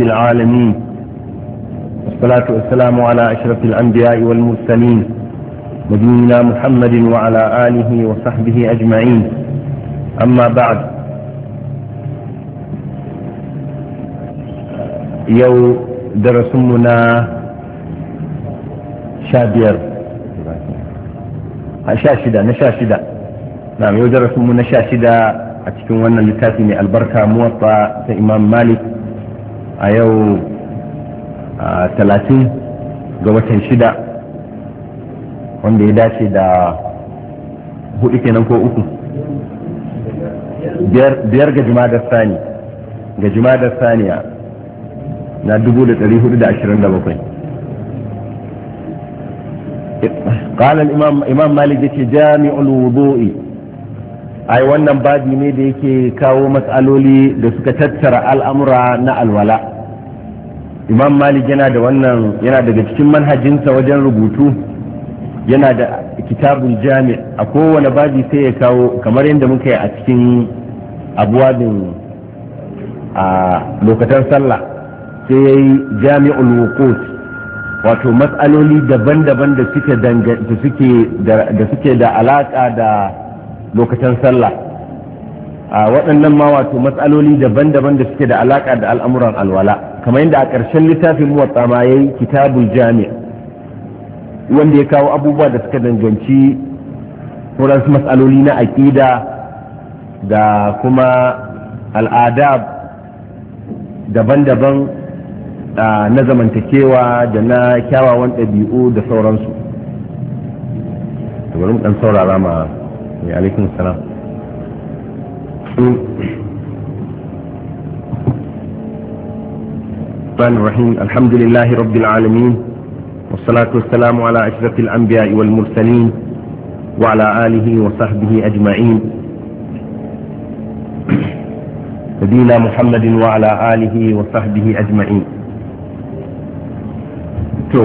رب العالمين والصلاة والسلام على أشرف الأنبياء والمرسلين نبينا محمد وعلى آله وصحبه أجمعين أما بعد يو درسمنا شابير شاشدة نشاشدة نعم يو درسمنا شاشدة أتكون cikin wannan البركة mai albarka مالك a yau talatin ga watan shida wanda ya dace da hudu kenan ko uku biyar ga da sani ga da saniya na 427 قال الإمام إمام مالك جامع الوضوء ai wannan babi ne da yake kawo matsaloli da suka tattara al'amura na alwala imam malik yana da wannan yana daga cikin manhajinsa wajen rubutu yana da kitabun jami a kowane babi sai ya kawo kamar yadda muka yi a cikin abuwabin a lokacin sallah sai ya yi jami'ul wuqut wato matsaloli daban-daban da suke da alaƙa da lokacin sallah a waɗannan ma wato matsaloli daban-daban da suke da alaƙa da al'amuran alwala kamar yadda a ƙarshen littafin muwatsa ma ya yi kitabul jami wanda ya kawo abubuwa da suka danganci sauran matsaloli na aƙida da kuma al'adab daban-daban na zamantakewa da na kyawawan ɗabi'u da sauransu. mu ɗan saurara ma عليكم السلام الرحمن الرحيم الحمد لله رب العالمين والصلاة والسلام على أشرف الأنبياء والمرسلين وعلى آله وصحبه أجمعين نبينا محمد وعلى آله وصحبه أجمعين تو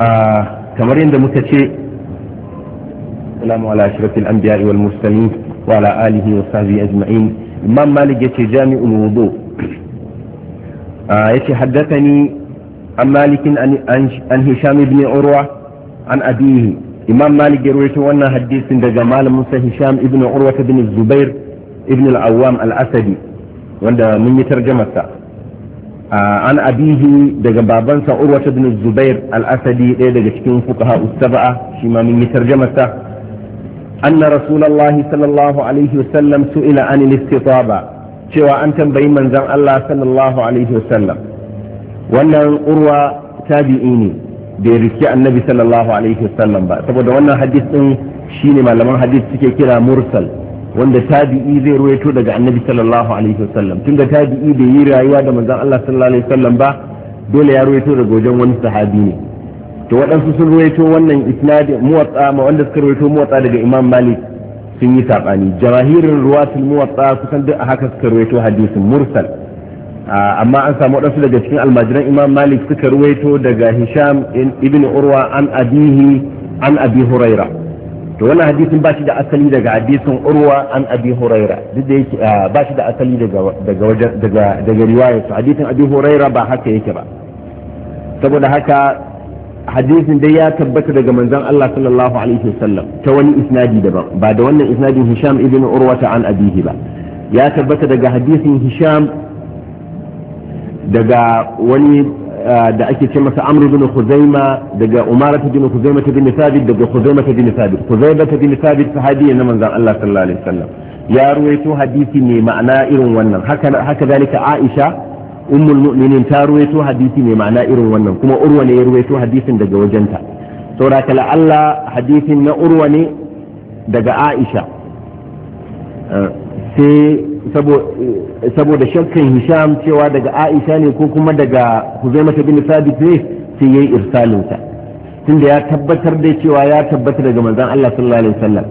آه كمرين ده متشئ السلام على أشرف الأنبياء والمرسلين وعلى آله وصحبه أجمعين إمام مالك يتي جامع الوضوء آه يتي حدثني عن مالك عن هشام بن عروة عن أبيه إمام مالك يرويته وانا حديث عند جمال موسى هشام بن عروة بن الزبير بن العوام الأسدي وانا من يترجمته an abihi daga babansa urwata bin zubair al-asadi ɗaya daga cikin fuqaha usaba'a shi ma mun أن رسول الله صلى الله عليه وسلم سئل عن الاستطابة cewa an tambayi manzan Allah sallallahu alaihi wasallam wannan urwa tabi'i ne ya riski annabi sallallahu alaihi wasallam ba saboda wannan hadith din shine malaman hadith suke kira mursal wanda tabi'i zai ruwaito daga annabi sallallahu alaihi wasallam tunda tabi'i bai yi rayuwa da manzan Allah sallallahu alaihi ba dole ya ruwaito daga wajen wani sahabi ne to waɗansu sun ruwaito wannan isnadi muwatsa ma wanda suka ruwaito muwatsa daga imam malik sun yi sabani jamahirin ruwatul muwatsa kusan duk a haka suka ruwaito hadisin mursal amma an samu waɗansu daga cikin almajiran imam malik suka ruwaito daga hisham ibn urwa an abihi an abi huraira to wannan hadisin ba shi da asali daga hadisin urwa an abi huraira duk da yake ba shi da asali daga daga daga riwayar hadisin abi huraira ba haka yake ba saboda haka hadisin dai ya tabbata daga manzon Allah sallallahu alaihi wasallam ta wani isnadi daban ba da wannan isnadin Hisham ibn Urwata an abihi ba ya tabbata daga hadisin Hisham daga wani ah, da ake ce masa Amr ibn Khuzaima daga umar ibn Khuzaima ibn Thabit daga Khuzaima ibn Thabit Khuzaima ibn Thabit sahabi na manzon Allah sallallahu alaihi wasallam ya ruwaito hadisi mai ma'ana irin wannan haka haka zalika Aisha ummul mu'minin ta ruwaito hadisi mai ma'ana irin wannan kuma urwa ne ya ruwaito hadisin daga wajenta saboda kala Allah hadisin na urwa ne daga Aisha eh, sai eh, saboda shakkan Hisham cewa daga Aisha ne ko kuma daga Huzaimah bin Thabit ne sai yayi irsalinsa tunda ya tabbatar da cewa ya tabbata daga manzon Allah sallallahu alaihi wasallam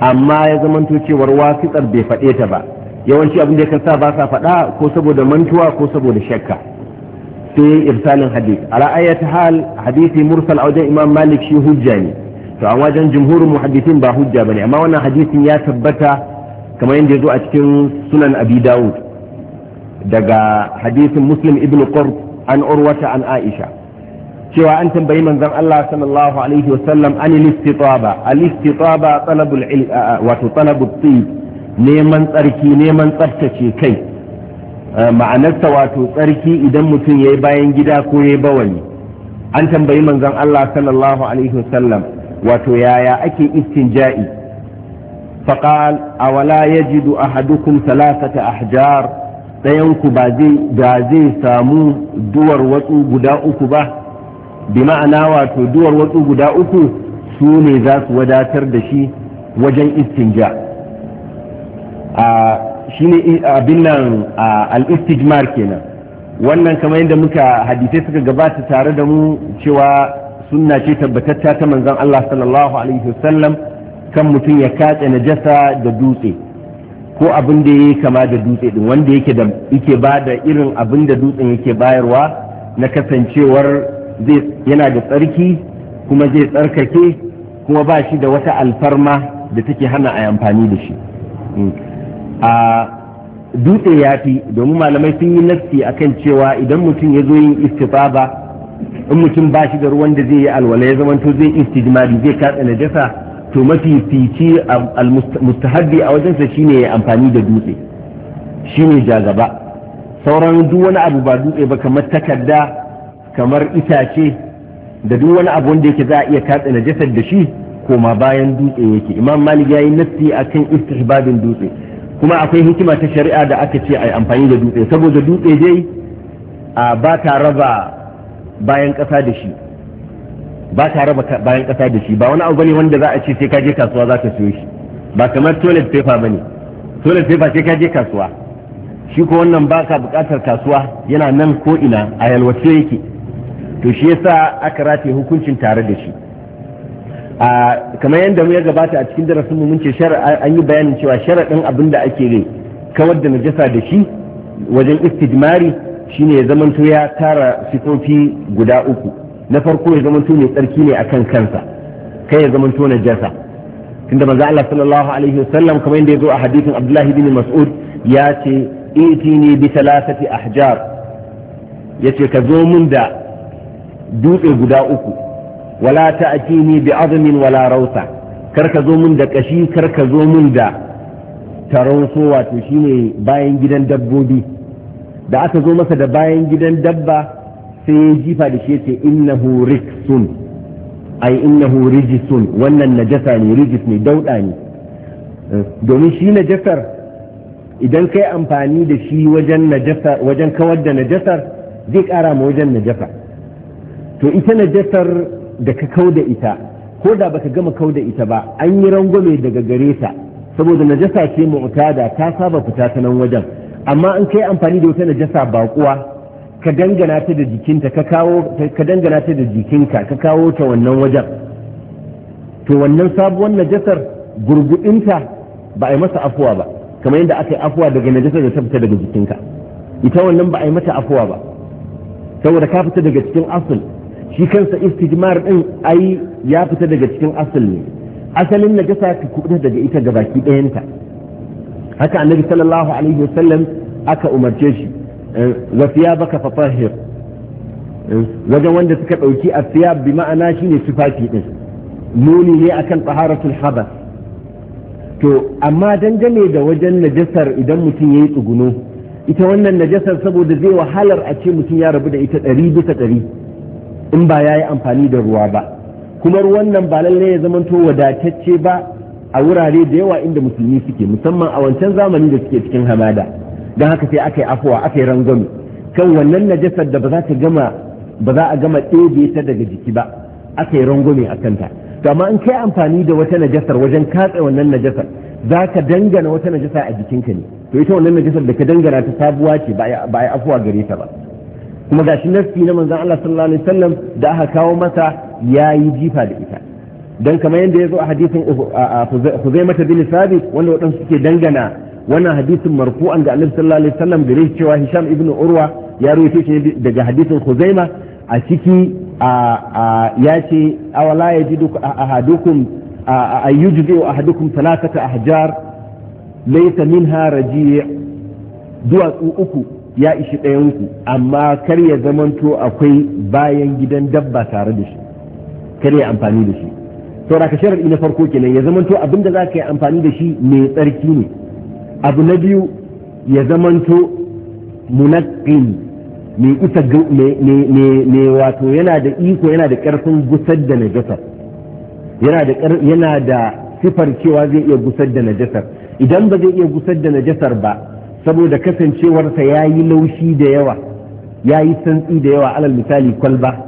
amma ya zamanto cewar wasiƙar bai faɗe ta ba yawanci abin da ya sa ba sa faɗa ko saboda mantuwa ko saboda shakka sai irsalin hadith ala ayati hal hadisi mursal a wajen imam malik shi hujja ne to a wajen jumhurin muhaddisin ba hujja bane amma wannan hadisin ya tabbata kamar yadda ya zo a cikin sunan abi daud daga hadisin muslim ibn qurb an urwata an aisha cewa an tambayi manzon Allah sallallahu alaihi wasallam an al-istitaba al-istitaba talabul wato talabul tib neman tsarki neman tsaftace kai eh, ma'anarsa wato tsarki idan mutum ya yi bayan gida ko ya yi bawani an tambayi manzon Allah sallallahu alaihi wasallam wato yaya ake istinja'i faqal awala yajidu ahadukum thalathata ahjar ɗayanku ba zai da zai samu duwar watsu guda uku ba bi ma'ana wato duwar watsu guda uku su ne za su wadatar da shi wajen istinja' a shi ne abin nan al-istijmar kenan wannan kama yadda muka hadisai suka gabata tare da mu cewa sunna ce tabbatatta ta manzon Allah sallallahu alaihi wasallam kan mutum ya kace jasa da dutse ko abin da yi kama da dutse din wanda yake da yake ba da irin abin da dutsen yake bayarwa na kasancewar yana da tsarki kuma zai tsarkake kuma ba shi da wata alfarma da take hana a amfani da shi hmm. a dutse ya fi domin malamai sun yi a akan cewa idan mutum ya zo yin istifaba in mutum ba shi da ruwan da zai yi alwala ya zamanto zai istijmari zai katsa jasa to mafi fici mustahabbi a wajensa shine ya amfani da dutse shine jagaba sauran duk wani abu ba dutse ba kamar takarda kamar itace da duk wani abu wanda yake za a iya katsa najasar da shi koma bayan dutse yake imam malik ya yi nafsi akan istihbabin dutse kuma akwai hikima ta shari'a da aka ce a yi amfani da dutse saboda dutse dai a ba ta raba bayan ƙasa da shi ba ta raba bayan ƙasa da shi ba wani abu bane wanda za a ce sai ka je kasuwa za ka siyo shi ba kamar toilet paper bane toilet paper sai ka je kasuwa shi ko wannan ba ka buƙatar kasuwa yana nan ko ina a yalwace yake to shi yasa aka rataye hukuncin tare da shi kamar yadda mu ya gabata a cikin darasin mu mun ce an yi bayanin cewa sharaɗin abin da ake kawar da najasa da shi wajen istijmari shine ya zamanto ya tara sifofi guda uku na farko ya zamanto ne tsarki ne akan kansa kai ya zamanto najasa tunda manzo Allah sallallahu alaihi wasallam kamar yadda ya zo a hadisin Abdullahi bin Mas'ud ya ce itini bi thalathati ahjar yace ka zo mun da dutse guda uku wala ta ta'tini bi azumin wala rausa kar ka zo mun da kashi kar ka zo mun da taronso wato shine bayan gidan dabbobi da aka zo masa da bayan gidan dabba sai ya jifa da shi yace innahu riksun ai innahu rijisun wannan najasa ne rijis ne dauda ne domin shi najasar idan kai amfani da shi wajen kawar da najasar zai ƙara ma wajen najasa to ita najasar da ka kau da ita ko da baka gama kau da ita ba an yi rangwame daga gare ta saboda najasa ce mu'tada ta saba fita ta nan wajen amma an kai amfani da wata najasa baƙuwa ka dangana ta da jikinta ka kawo ka dangana ta da jikinka ka kawo ta wannan wajen to wannan sabuwar najasar gurgudinta ba a yi masa afuwa ba kamar yadda aka yi afuwa daga najasar da ta fita daga jikinka ita wannan ba a yi mata afuwa ba saboda ka fita daga cikin asul shi kansa istijmar din ai ya fita daga cikin asal asalin najasa ta kubuta daga ita ga baki ɗayanta haka annabi sallallahu alaihi wasallam aka umarce shi eh, wa thiyabaka fatahhir eh, wajen wanda suka ɗauki athiyab bi ma'ana shine tufafi din nuni ne akan taharatul Habas. to amma dangane da wajen najasar idan mutum yayi tsuguno ita wannan najasar saboda zai wahalar a ce mutum ya rabu da ita ɗari bisa ɗari in ba ya yi amfani da ruwa ba kuma ruwan nan ba lallai ya to wadatacce ba a wurare da yawa inda musulmi suke musamman a wancan zamani da suke cikin hamada don haka sai aka yi afuwa aka yi rangwame kan wannan najasar da ba za ta gama ba za a gama ɗebe ta daga jiki ba aka yi rangwame a kanta amma in kai amfani da wata najasar wajen katse wannan najasar za ka dangana wata najasa a jikinka ne to ita wannan najasar da ka dangana ta sabuwa ce ba a afuwa gare ta ba kuma ga shi nassi na manzon Allah sallallahu alaihi wasallam da aka kawo masa yayi jifa da ita dan kamar yadda zo a hadisin Huzaima bin Sabit wanda waɗansu suke dangana wannan hadisin marfu'an ga Annabi sallallahu alaihi wasallam da cewa Hisham ibn Urwa ya rawaito shi daga hadisin Huzaima a ciki ya ce awala yajidu ahadukum ayyujdi ahadukum thalathata ahjar laysa minha raji' duwatsu uku ya ishi ɗayanku amma kar ya zamanto akwai bayan gidan dabba tare da shi kar ya amfani da shi da ka shirar na farko kenan ya zamanto abin da za ka yi amfani da shi mai tsarki ne abu na biyu ya zamanto munaqin mai isa mai wato yana da iko yana da ƙarfin gusar da najasar yana da sifar cewa zai iya gusar da najasar idan ba zai iya gusar da najasar ba saboda kasancewarsa ya yi laushi da yawa ya yi santsi da yawa alal misali kwalba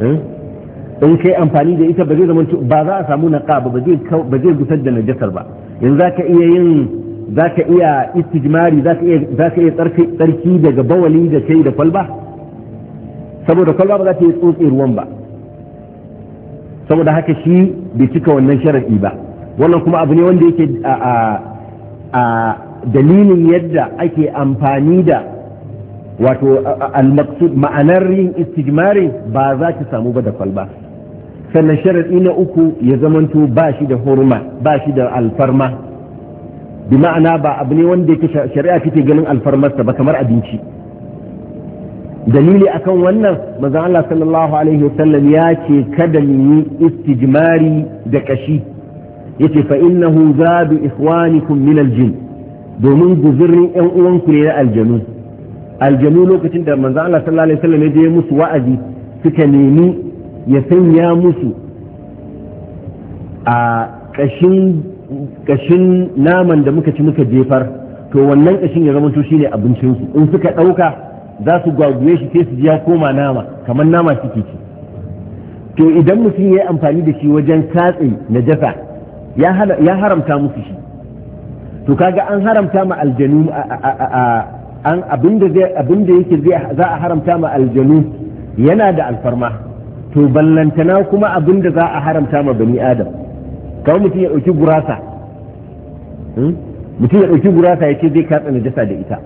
eh? in kai amfani da ita ba zai zama ba za a samu naqa ba ba zai gusar da najasar ba yanzu ka iya yin ka iya istijmari za ka iya tsarki daga bawali da kai da kwalba saboda kwalba ba za ta yi tsotse ruwan ba saboda haka shi bai cika wannan sharadi ba wannan kuma abu ne wanda yake a dalilin yadda ake amfani da wato al-maqsud ma'anar yin istijmari ba za ki samu ba da kwalba sannan sharaɗi na uku ya zamanto ba shi da hurma ba shi da alfarma bi ma'ana ba abu ne wanda yake shari'a take ganin alfarmarsa ba kamar abinci dalili akan wannan manzon Allah sallallahu alaihi wasallam ya ce kada mu yi istijmari da kashi yace fa innahu zabi ikhwanikum min al-jinn domin guzurin yan uwanku ne na aljanu aljanu lokacin da manzo Allah sallallahu alaihi wasallam ya je musu wa'azi suka nemi ya sanya musu a ƙashin naman da muka ci muka jefar to wannan kashin ya zama shi ne abincin su in suka ɗauka za su gwaguye shi sai su ji ya koma nama kamar nama suke ci to idan mutum ya yi amfani da shi wajen katse najasa ya haramta musu shi to kaga an haramta ma aljanu an abinda zai abinda yake zai za a haramta ma aljanu yana da alfarma to ballantana kuma abinda za a haramta ma bani adam kawai mutum ya dauki gurasa hmm? mutum ya dauki gurasa ya ce zai katsa najasa da ita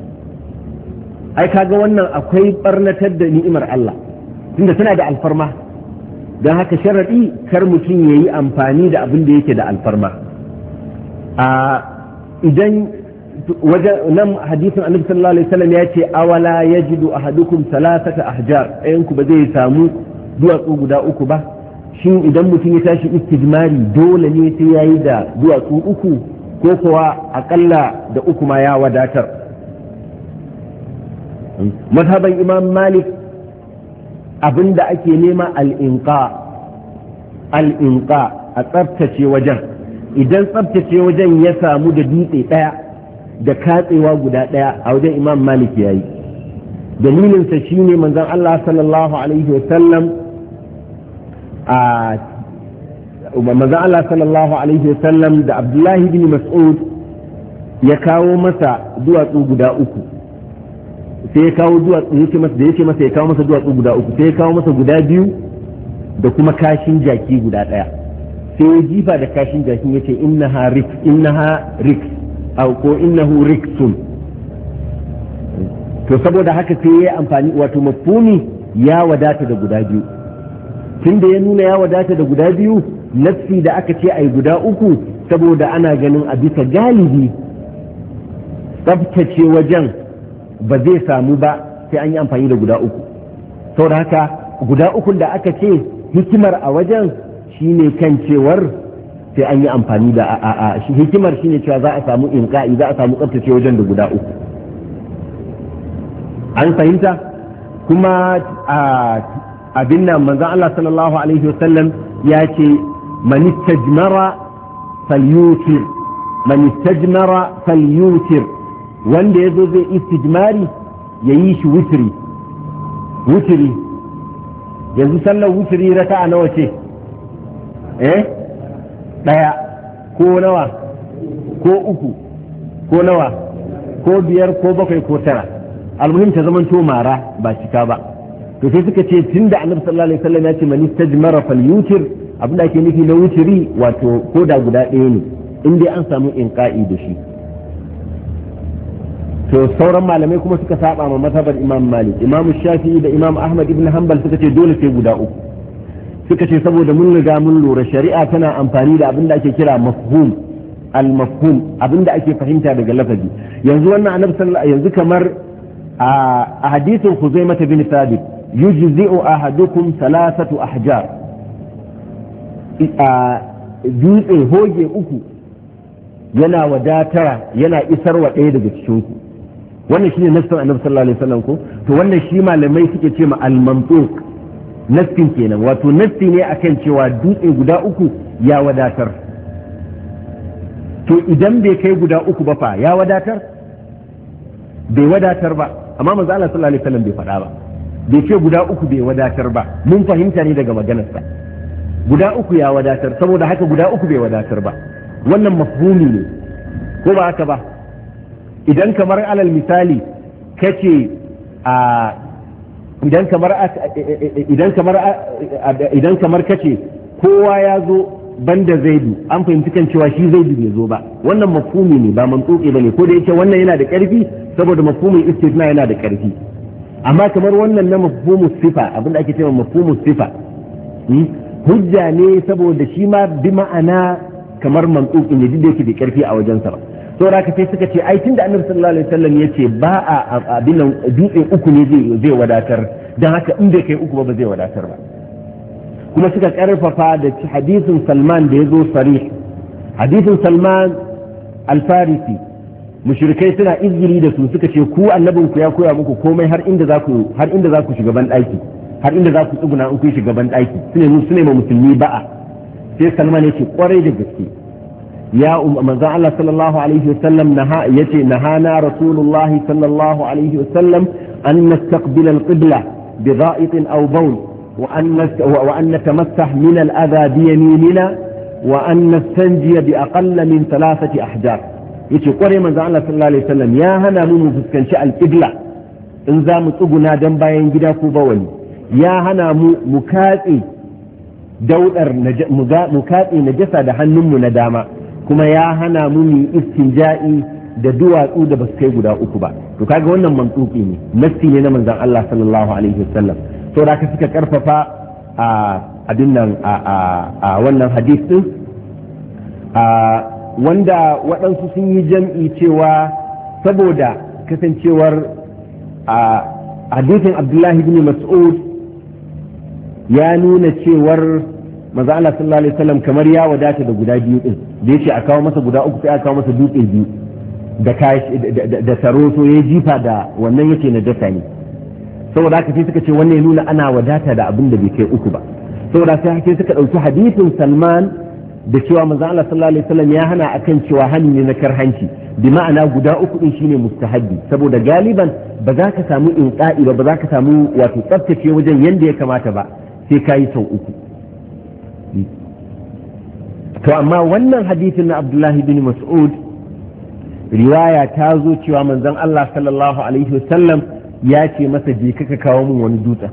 ai kaga wannan akwai barnatar da ni'imar Allah tunda tana da alfarma don haka sharaɗi kar mutum ya yi amfani da abin da yake da alfarma a idan nan hadisin annabi sallallahu alaihi wasallam ya ce awala yajidu ahadukum salasata ahjar ɗayan ku ba zai samu duwatsu guda uku ba shin idan mutum ya tashi istijmari dole ne sai yayi da duwatsu uku ko kowa akalla da uku ma ya wadatar mazhaban imam malik abinda ake nema al a tsaftace wajen idan tsabtace wajen ya samu da dutse ɗaya da katsewa guda ɗaya a wajen imam malik ya yi dalilinsa shi ne manzan allah sallallahu alaihi wasallam a manzan allah sallallahu alaihi wasallam da abdullahi bin mas'ud ya kawo masa duwatsu guda uku sai ya kawo duwatsu yake masa da yake masa ya kawo masa duwatsu guda uku sai ya kawo masa guda biyu da kuma kashin jaki guda ɗaya sai ya jifa da kashin jakin ya ce innaha rik innaha rik ko innahu riksun to saboda haka sai ya amfani wato mafuni ya wadata da guda biyu tunda ya nuna ya wadata da guda biyu nafsi da aka ce ai guda uku saboda ana ganin a bisa galibi tsabtace wajen ba zai samu ba sai an yi amfani da guda uku saboda haka guda ukun da aka ce hikimar a wajen ne kan cewar sai an yi amfani da a shi hikimar shine cewa za a samu inqa'i za a samu tsaftace wajen da guda uku an fahimta kuma a abin nan Allah sallallahu alaihi wasallam ya ce man istajmara falyutir man istajmara falyutir wanda yazo zai istijmari yayi shi wutiri wutiri yanzu sallar wutiri raka'a nawa ce eh ɗaya ko nawa ko uku ko nawa ko biyar ko bakwai ko tara almuhim ta zaman to mara ba cika ba to sai suka ce tun da annabi sallallahu alaihi wasallam ya ce man istajmara yutir abin da ake nufi na wutiri wato ko da guda ɗaya ne in dai an samu inqa'i da shi to sauran malamai kuma suka saba ma mazhabar imam malik imam shafi'i da imam ahmad ibn hanbal suka ce dole sai guda uku suka ce saboda mun riga mun lura shari'a tana amfani da abin da ake kira mafhum al-mafhum abin da ake fahimta daga lafazi yanzu wannan annabi sallallahu yanzu kamar a hadisin Khuzaimah bin Thabit yujzi'u ahadukum salasatu ahjar dutse hoge uku yana wadatara yana isarwa ɗaya daga cikin ku wannan shine nassan annabi sallallahu alaihi wasallam ko to wannan shi malamai suke ce ma al-mantuq nassin kenan wato nassi ne akan cewa dutse guda uku ya wadatar to idan bai kai guda uku ba fa ya wadatar bai wadatar ba amma manzo Allah sallallahu alaihi wasallam bai faɗa ba bai ce guda uku bai wadatar ba mun fahimta ne daga maganarsa guda uku ya wadatar saboda haka guda uku bai wadatar ba wannan mafhumi ne ko ba haka ba idan kamar alal misali kace a idan kamar idan kamar kace kowa ya zo banda zaidu an fahimci kan cewa shi zaidu bai zo ba wannan mafhumi ne ba ba ne. ko da yake wannan yana da karfi saboda mafhumin istithna yana da karfi amma kamar wannan na mafhumu sifa abinda ake cewa mafhumu sifa hmm, hujja ne saboda shi ma bi ma'ana kamar mantsuki ne duk da yake da karfi a wajensa ba saura ka sai suka ce ai tunda annabi sallallahu alaihi wasallam ya ce ba a abin dutse uku ne zai wadatar dan haka in kai uku ba zai wadatar ba kuma suka karfafa da hadisin Salman da yazo sarih hadisin Salman al-Farisi mushrikai suna izgiri da su suka ce ku annabin ku ya koya muku komai har inda za ku har inda za ku shiga ban daki har inda za ku tsuguna in ku shiga ban daki sune mu sune ma musulmi ba'a sai Salman ya ce kwarai da gaske ya um-, manzo Allah sallallahu alaihi wasallam naha yace nahana rasulullahi sallallahu alaihi wasallam an nastaqbil alqibla bi dha'itin aw bawl wa an wa an natamassah min al-adha bi yaminina wa an nastanjiya bi aqall min thalathati ahjar yace kware manzo Allah sallallahu alaihi wasallam ya hana mu fuskanci alqibla in za mu tsuguna dan bayan gida ko bawali ya hana mu mu katse daudar mu katse najasa da hannunmu na dama kuma ya hana mu mu istinja'i da duwatsu da basu kai guda uku ba to kaga wannan mantsuki ne nasti ne na manzon Allah sallallahu alaihi wasallam to da ka suka karfafa a abin nan a wannan hadith din wanda waɗansu sun yi jam'i cewa saboda kasancewar a hadithin abdullahi ibn mas'ud ya nuna cewar manzo Allah sallallahu alaihi wasallam kamar ya wadata da guda biyu din da yace a kawo masa guda uku sai a kawo masa dutse biyu da kashi da taroso ya jifa da wannan yake na dasa ne saboda haka sai suka ce wannan ya nuna ana wadata da abin da bai kai uku ba saboda sai haka suka dauki hadithin Salman da cewa manzo Allah sallallahu alaihi wasallam ya hana akan cewa hani ne na karhanci bi ma'ana guda uku din shine mustahabbi saboda galiban ba za ka samu inqa'i ba ba za ka samu wato tsaftace wajen yanda ya kamata ba sai kayi sau uku tsarki to amma wannan hadisin na abdullahi bin mas'ud riwaya ta zo cewa manzon Allah sallallahu alaihi wasallam ya ce masa je ka kawo mun wani dutsen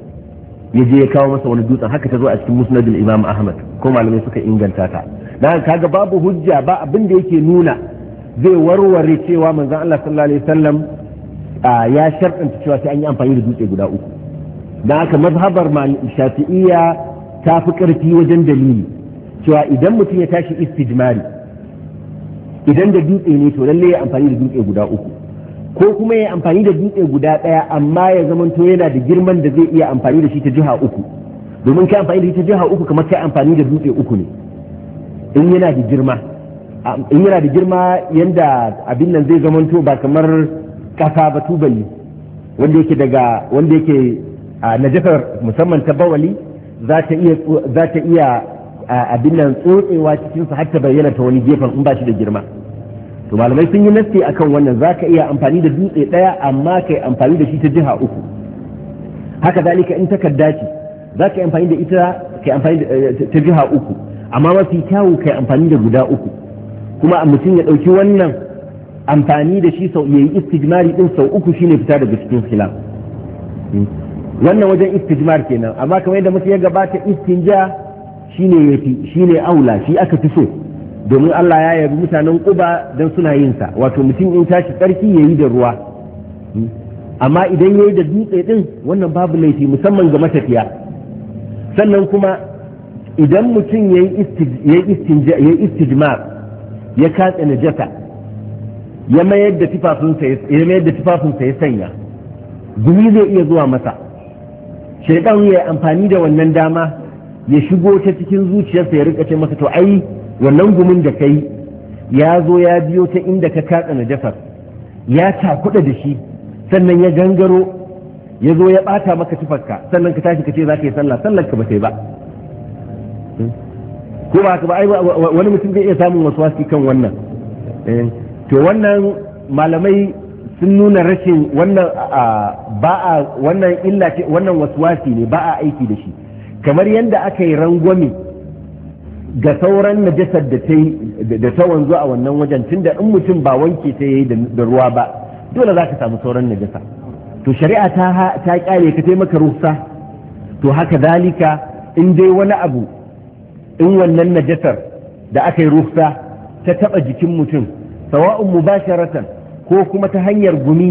ya je ya kawo masa wani dutsen haka ta zo a cikin musnadul imam ahmad ko malamai suka inganta ta dan kaga babu hujja ba abin da yake nuna zai warware cewa manzon Allah sallallahu alaihi wasallam ya sharɗanta cewa sai an yi amfani da dutse guda uku dan haka mazhabar shafi'iyya ta fi ƙarfi wajen dalili cewa idan mutum ya tashi istijmari idan da dutse ne to lalle ya amfani da dutse guda uku ko kuma ya amfani da dutse guda ɗaya amma ya zamanto yana da girman da zai iya amfani da shi ta jiha uku domin kai amfani da shi ta jiha uku kamar kai amfani da dutse uku ne in yana da girma in yana da girma yanda abin nan zai zamanto ba kamar ƙasa ba tubali wanda yake daga wanda yake a najafar musamman ta bawali za ta iya a abin nan tsotsewa cikin sa har ta bayyana ta wani gefen in ba shi da girma to malamai sun yi nasti akan wannan za ka iya amfani da dutse ɗaya, amma kai amfani da shi ta jiha uku haka zalika in takarda ce za ka yi amfani da ita kai amfani eh, ta jiha uku amma mafi kyawu kai amfani da guda uku kuma a mutum ya ɗauki wannan amfani da shi sau yayi istijmari ɗin sau uku shine fita daga cikin khilaf hmm. wannan wajen istijmar kenan amma kamar yadda mutum ya gabata istinja shine yafi shine aula shi aka fi so domin Allah ya yabi mutanen Quba dan suna yin sa wato mutum in tashi tsarki yayi da ruwa amma idan yayi da dutse din wannan babu laifi musamman ga matafiya sannan kuma idan mutum yayi istinja yayi istijmar ya katse najasa ya mayar da tufafinsa ya sanya gumi zai iya zuwa masa shaidan ya amfani da wannan dama ya shigo ta cikin zuciyarsa ya rika ce masa to ai wannan gumin da kai ya zo ya biyo ta inda ka katsa jafar ya takuda da shi sannan ya gangaro ya zo ya bata maka tufarka sannan ka tashi ka ce za ka yi sallah sallar ka ba sai ba ko ba ba wani mutum zai iya samun wasu wasi kan wannan eh, to wannan malamai sun nuna rashin wannan ba a wannan illa ce wannan waswasi ne ba a aiki da shi kamar yadda aka yi rangwame ga sauran najasar da ta da ta wanzu a wannan wajen tunda in mutum ba wanke ta yi da ruwa ba dole za ka samu sauran najasa to shari'a ta ta kyale ka taimaka rufsa to haka zalika in dai wani abu in wannan najasar da aka yi rufsa ta taba jikin mutum sawa'un mubasharatan ko kuma ta hanyar gumi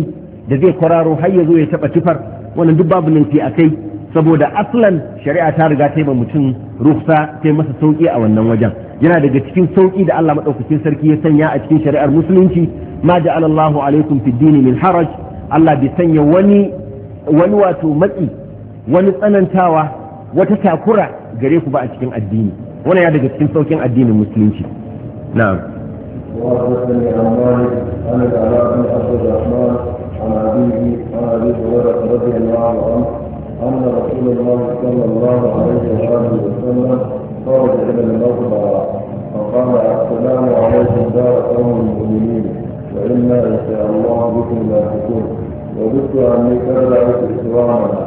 da zai kwararo har ya zo ya taɓa tufar wannan duk babu laifi a kai saboda aslan shari'a ta riga ta yi mutum ruhsa ta masa sauƙi a wannan wajen yana daga cikin sauƙi da Allah maɗaukacin sarki ya sanya a cikin shari'ar musulunci ma ja'ala Allahu alaikum fid dini min haraj Allah bai sanya wani wani wato matsi wani tsanantawa wata takura gare ku ba a cikin addini wannan ya daga cikin sauƙin addinin musulunci na'am وحدثني عن مالك عن العلاء بن عبد الرحمن عن أبيه عن أبي هريرة رضي الله عنه أن رسول الله صلى الله عليه وآله وسلم خرج إلى المغبرة فقال السلام عليكم دار قوم المؤمنين وإنا إن شاء الله بكم لاحقون وجدت أني قد رأيت إخواننا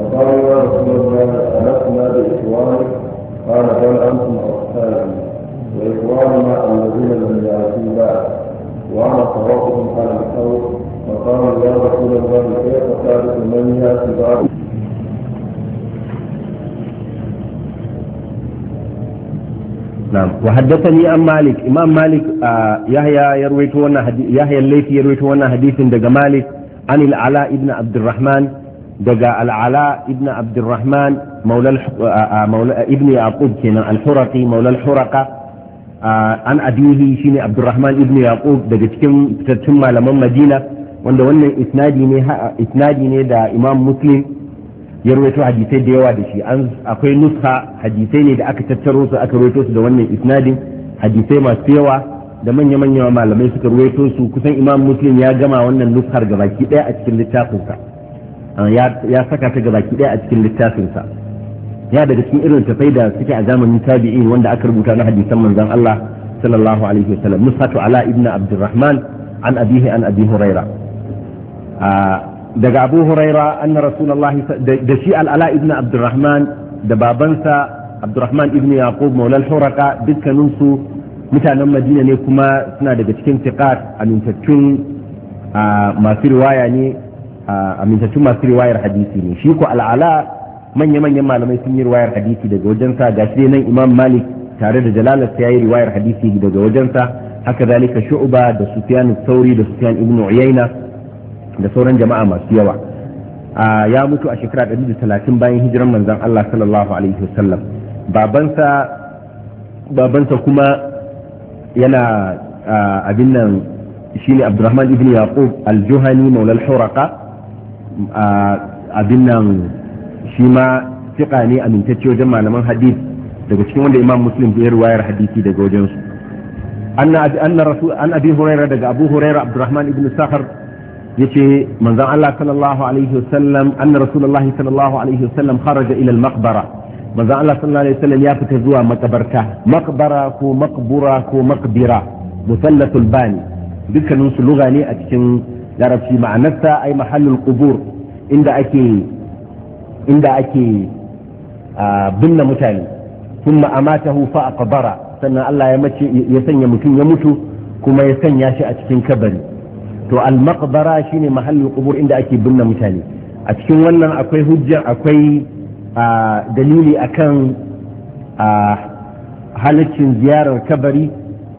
فقالوا يا رسول الله ألسنا بإخوانك قال بل أنتم أصحابي وأما الذين لم يعرفوا الله وأما صوابهم على الخوف فقال يا رسول الله كيف تعرف من يأتي بعد نعم وحدثني عن مالك امام مالك آه، يحيى يروي وانا يحيى الليثي يروي وانا حديث دغ مالك عن العلاء ابن عبد الرحمن دغ العلاء ابن عبد الرحمن مولى آه، آه، مولى ابن يعقوب كان الحرقي مولى الحرقه an adihi shine abdurrahman ibn yaqub daga cikin fitattun malaman madina wanda wannan isnadi ne isnadi ne da imam muslim ya rawaito hadisai da yawa da shi akwai nusha hadisai ne da aka tattaro su aka rawaito su da wannan isnadin hadisai masu yawa da manya manya malamai suka rawaito su kusan imam muslim ya gama wannan nusar gabaki daya a cikin littafinsa ya saka ta gabaki daya a cikin littafinsa ya daga cikin irin tafai da suke a zamanin tabi'in wanda aka rubuta na hadisan manzon Allah sallallahu alaihi wasallam nusatu ala ibn abdurrahman an abihi an abi huraira ah, daga abu huraira anna rasulullah da shi al'ala ibn abdurrahman da babansa abdurrahman ibn yaqub maulal huraka dukkanin su mutanen madina ne kuma suna daga cikin tiqat amintattun ah, masu riwaya ne ah, amintattun masu riwayar hadisi ne shi ko al'ala manya-manyan malamai sun yi riwayar hadisi daga wajensa ga shi nan imam malik tare da jalalar ta yi riwayar hadisi daga wajensa haka zalika shu'ba da sufyan sauri da sufyan ibn uyayna da sauran jama'a masu yawa ya mutu a shekara 130 bayan hijiran manzon Allah sallallahu alaihi wasallam babansa babansa kuma yana abin nan shine Abdurrahman ibn Yaqub al-Juhani maula al-Huraqa abin nan shi ma fiqa ne amintacce wajen malaman hadith daga cikin wanda imam muslim ya ruwayar hadisi daga wajensu. su anna anna an abi hurairah daga abu hurairah abdurrahman ibn sahar ce manzan Allah sallallahu alaihi wasallam anna rasulullah sallallahu alaihi wasallam kharaja ila al-maqbara manzon Allah sallallahu alaihi wasallam ya fita zuwa makabarta maqbara ko maqbura ko maqbira musallatul bani dukkanin su lugha ne a cikin larabci ma'anarsa ay mahallul qubur inda ake inda ake binne mutane sun hufa a kabara sannan Allah ya mace ya sanya mutum ya mutu kuma ya sanya shi a cikin kabari to al-maqbara shine mahallin kubur inda ake binne mutane a cikin wannan akwai hujja akwai dalili akan halaccin ziyarar kabari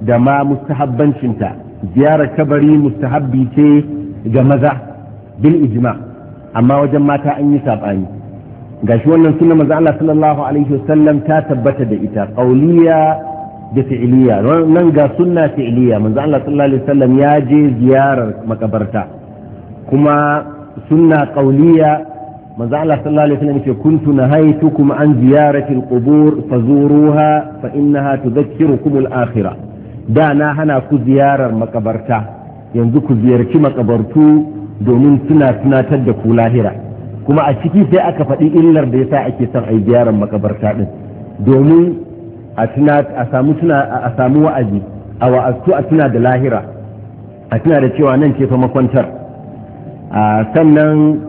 da ma mustahabbancinta ziyarar kabari mustahabbi ce ga maza bil ijma amma wajen mata an yi saɓani gashi wannan sunna manzo Allah sallallahu alaihi wasallam ta tabbata da ita qauliya da fi'liya nan ga sunna fi'liya manzo Allah sallallahu alaihi wasallam ya je ziyarar makabarta kuma sunna qauliya manzo Allah sallallahu alaihi wasallam ce kuntu nahaytukum an ziyarati alqubur fazuruha fa innaha tudhakkirukum al-akhirah da na hana ku ziyarar makabarta yanzu ku ziyarci makabartu domin suna tunatar da ku lahira kuma a ciki sai aka faɗi illar da yasa ake son a yi gyaran makabarta ɗin domin a samu tuna a samu wa'azi a wa'azu a tuna da lahira a tuna da cewa nan ce fa makwantar sannan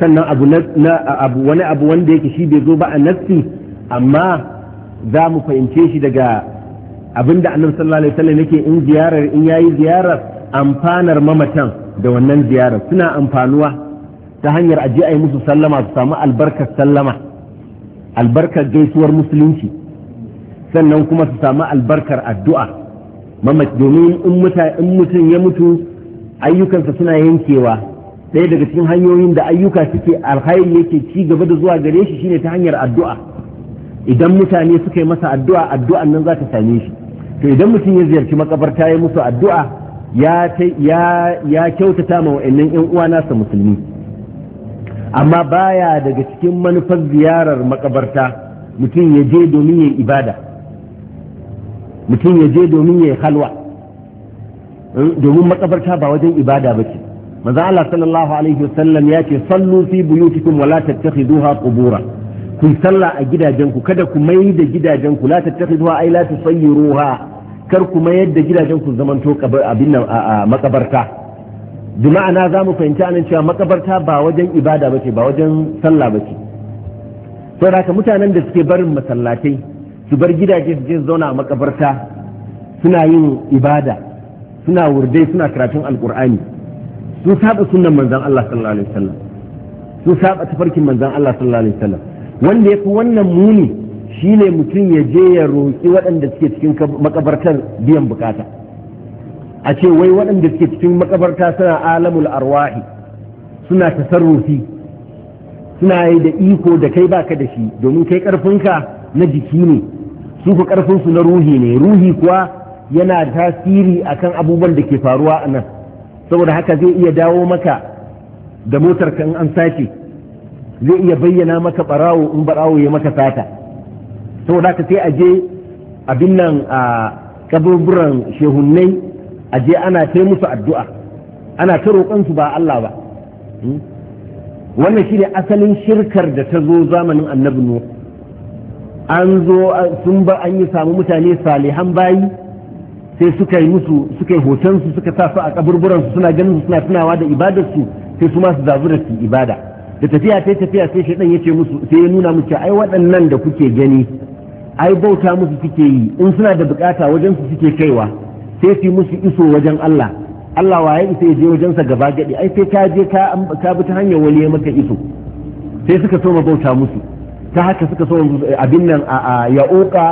sannan abu na abu wani abu wanda yake shi bai zo ba a nafsi amma za mu fahimce shi daga da annabi sallallahu alaihi wasallam yake in ziyarar in yayi ziyarar amfanar mamatan da wannan ziyarar suna amfanuwa ta hanyar aje a yi musu sallama su samu albarkar sallama albarkar gaisuwar musulunci sannan kuma su samu albarkar addu'a domin in mutum ya mutu ayyukansa suna yankewa ɗaya daga cikin hanyoyin da ayyuka suke alkhairi yake ci gaba da zuwa gare shi shine ta hanyar addu'a idan mutane suka yi masa addu'a addu'an nan za ta same shi to idan mutum ya ziyarci makabarta ya musu addu'a ya kyautata ma wa'annan 'yan uwa nasa musulmi amma baya daga cikin manufar ziyarar makabarta mutum ya je domin ya ibada mutum ya je domin ya halwa hmm, domin makabarta ba wajen ibada ba ce maza Allah sallallahu alaihi wasallam ya ce sallu fi buyutikum la tattakhiduha qubura ku sallah a gidajenku kada ku mai da gidajenku la tattakhiduha ay la tusayyiruha kar ku mayar da gidajenku zamanto abin nan a makabarta Juma'a na za mu fahimci anan cewa makabarta ba wajen ibada bace ba wajen sallah bace saboda haka mutanen da suke barin masallatai su bar gidaje su je su zauna a makabarta suna yin ibada suna wurdai suna karatun alkur'ani sun saba sunnan manzon Allah sallallahu alaihi wasallam sun saba tafarkin manzon Allah sallallahu alaihi wasallam wanda yafi wannan muni shine mutum ya je ya roki waɗanda suke cikin makabartar biyan bukata a ce wai waɗanda suke cikin makabarta suna alamul arwahi suna tasarrufi suna yi da iko da kai baka da shi domin kai ƙarfinka na jiki ne su ku ƙarfinsu na ruhi ne ruhi kuwa yana tasiri akan abubuwan da ke faruwa a nan saboda haka zai iya dawo maka da motar kan in an sace zai iya bayyana maka barawo in barawo ya maka sata saboda haka sai a je abin nan a kaburburan shehunnai a ana kai musu addu'a ana ta roƙonsu ba Allah ba wannan shine asalin shirkar da ta zo zamanin annabi nu an zo sun ba an yi samu mutane salihan bayi sai suka yi musu suka yi hotonsu suka sa su a kaburburansu suna ganin su suna tunawa da ibadarsu sai su ma su zazu da su ibada da tafiya sai tafiya sai shaidan ya ce musu sai ya nuna musu ai waɗannan da kuke gani ai bauta musu suke yi in suna da bukata wajen su suke kaiwa sai su musu iso wajen Allah Allah waye isa ya je wajensa gaba gadi ai sai ka je ka bi ta hanyar wali ya maka iso sai suka so bauta musu ta haka suka so eh, abin nan a ya uka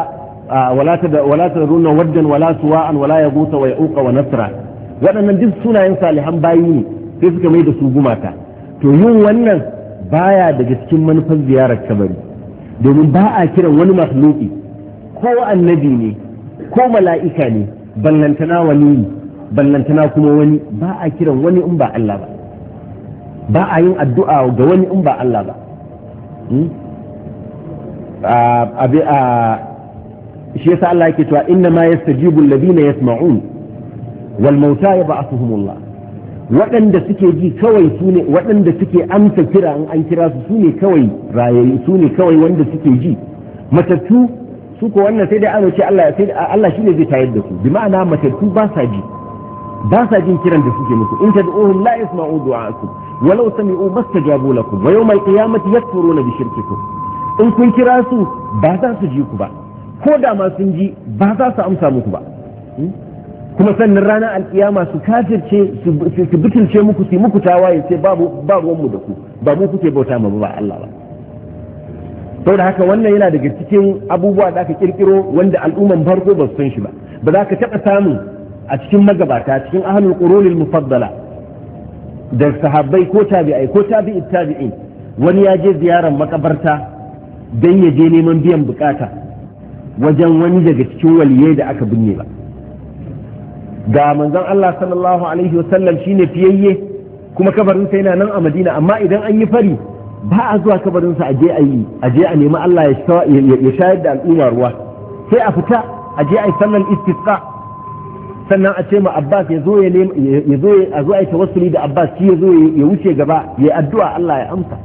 wala ta runa waddan wala suwa'an wala ya wa ya wa nasra waɗannan duk sunayen salihan bayi ne sai suka mai da su gumata to yin wannan baya daga cikin manufar ziyarar kabari domin ba a kiran wani mahluki ko annabi ne ko mala'ika ne ballantana wani ballantana kuma wani ba a kiran wani in ba Allah ba ba a yin addu'a ga wani in ba Allah ba hmm? abi a shi yasa Allah yake cewa inna ma yastajibu alladhina yasma'un wal mauta yab'athuhumullah waɗanda suke ji kawai su ne waɗanda suke amsa kira an kira su su ne kawai rayayi su ne kawai wanda suke ji matattu su ko wannan sai dai an ce Allah sai Allah shine zai tayar da su bi ma'ana matattu ba sa ji ba sa jin kiran da suke musu in tad'uhum la yasma'u du'a'akum walau sami'u mastajabu lakum wa yawmal qiyamati yakfuruna bi shirkikum in kun kira su ba za su ji ku ba ko da ma sun ji ba za su amsa muku ba hmm? kuma sannan ranar alkiyama su kafirce su bitulce muku su muku tawaye sai babu babu da ku ba mu kuke bauta ma ba Allah ba saboda haka wannan yana daga cikin abubuwa da aka kirkiro wanda al'umman farko ba su san shi ba ba za ka taɓa samun a cikin magabata cikin ahlul qurunil mufaddala da sahabbai ko tabi'ai ko tabi'i tabi'in wani ya je ziyarar makabarta dan ya je neman biyan bukata wajen wani daga cikin waliyai da aka binne ba ga manzon Allah sallallahu alaihi wasallam shine fiyayye kuma kabarin yana nan a Madina amma idan an yi fari ba a zuwa kabarinsa a je a yi a je a nemi Allah ya shayar da al'umma ruwa sai a fita a je a yi sallan istisqa sannan a ce ma Abbas ya zo ya ya zo a zo a yi tawassuli da Abbas shi ya zo ya wuce gaba ya addu'a Allah ya amsa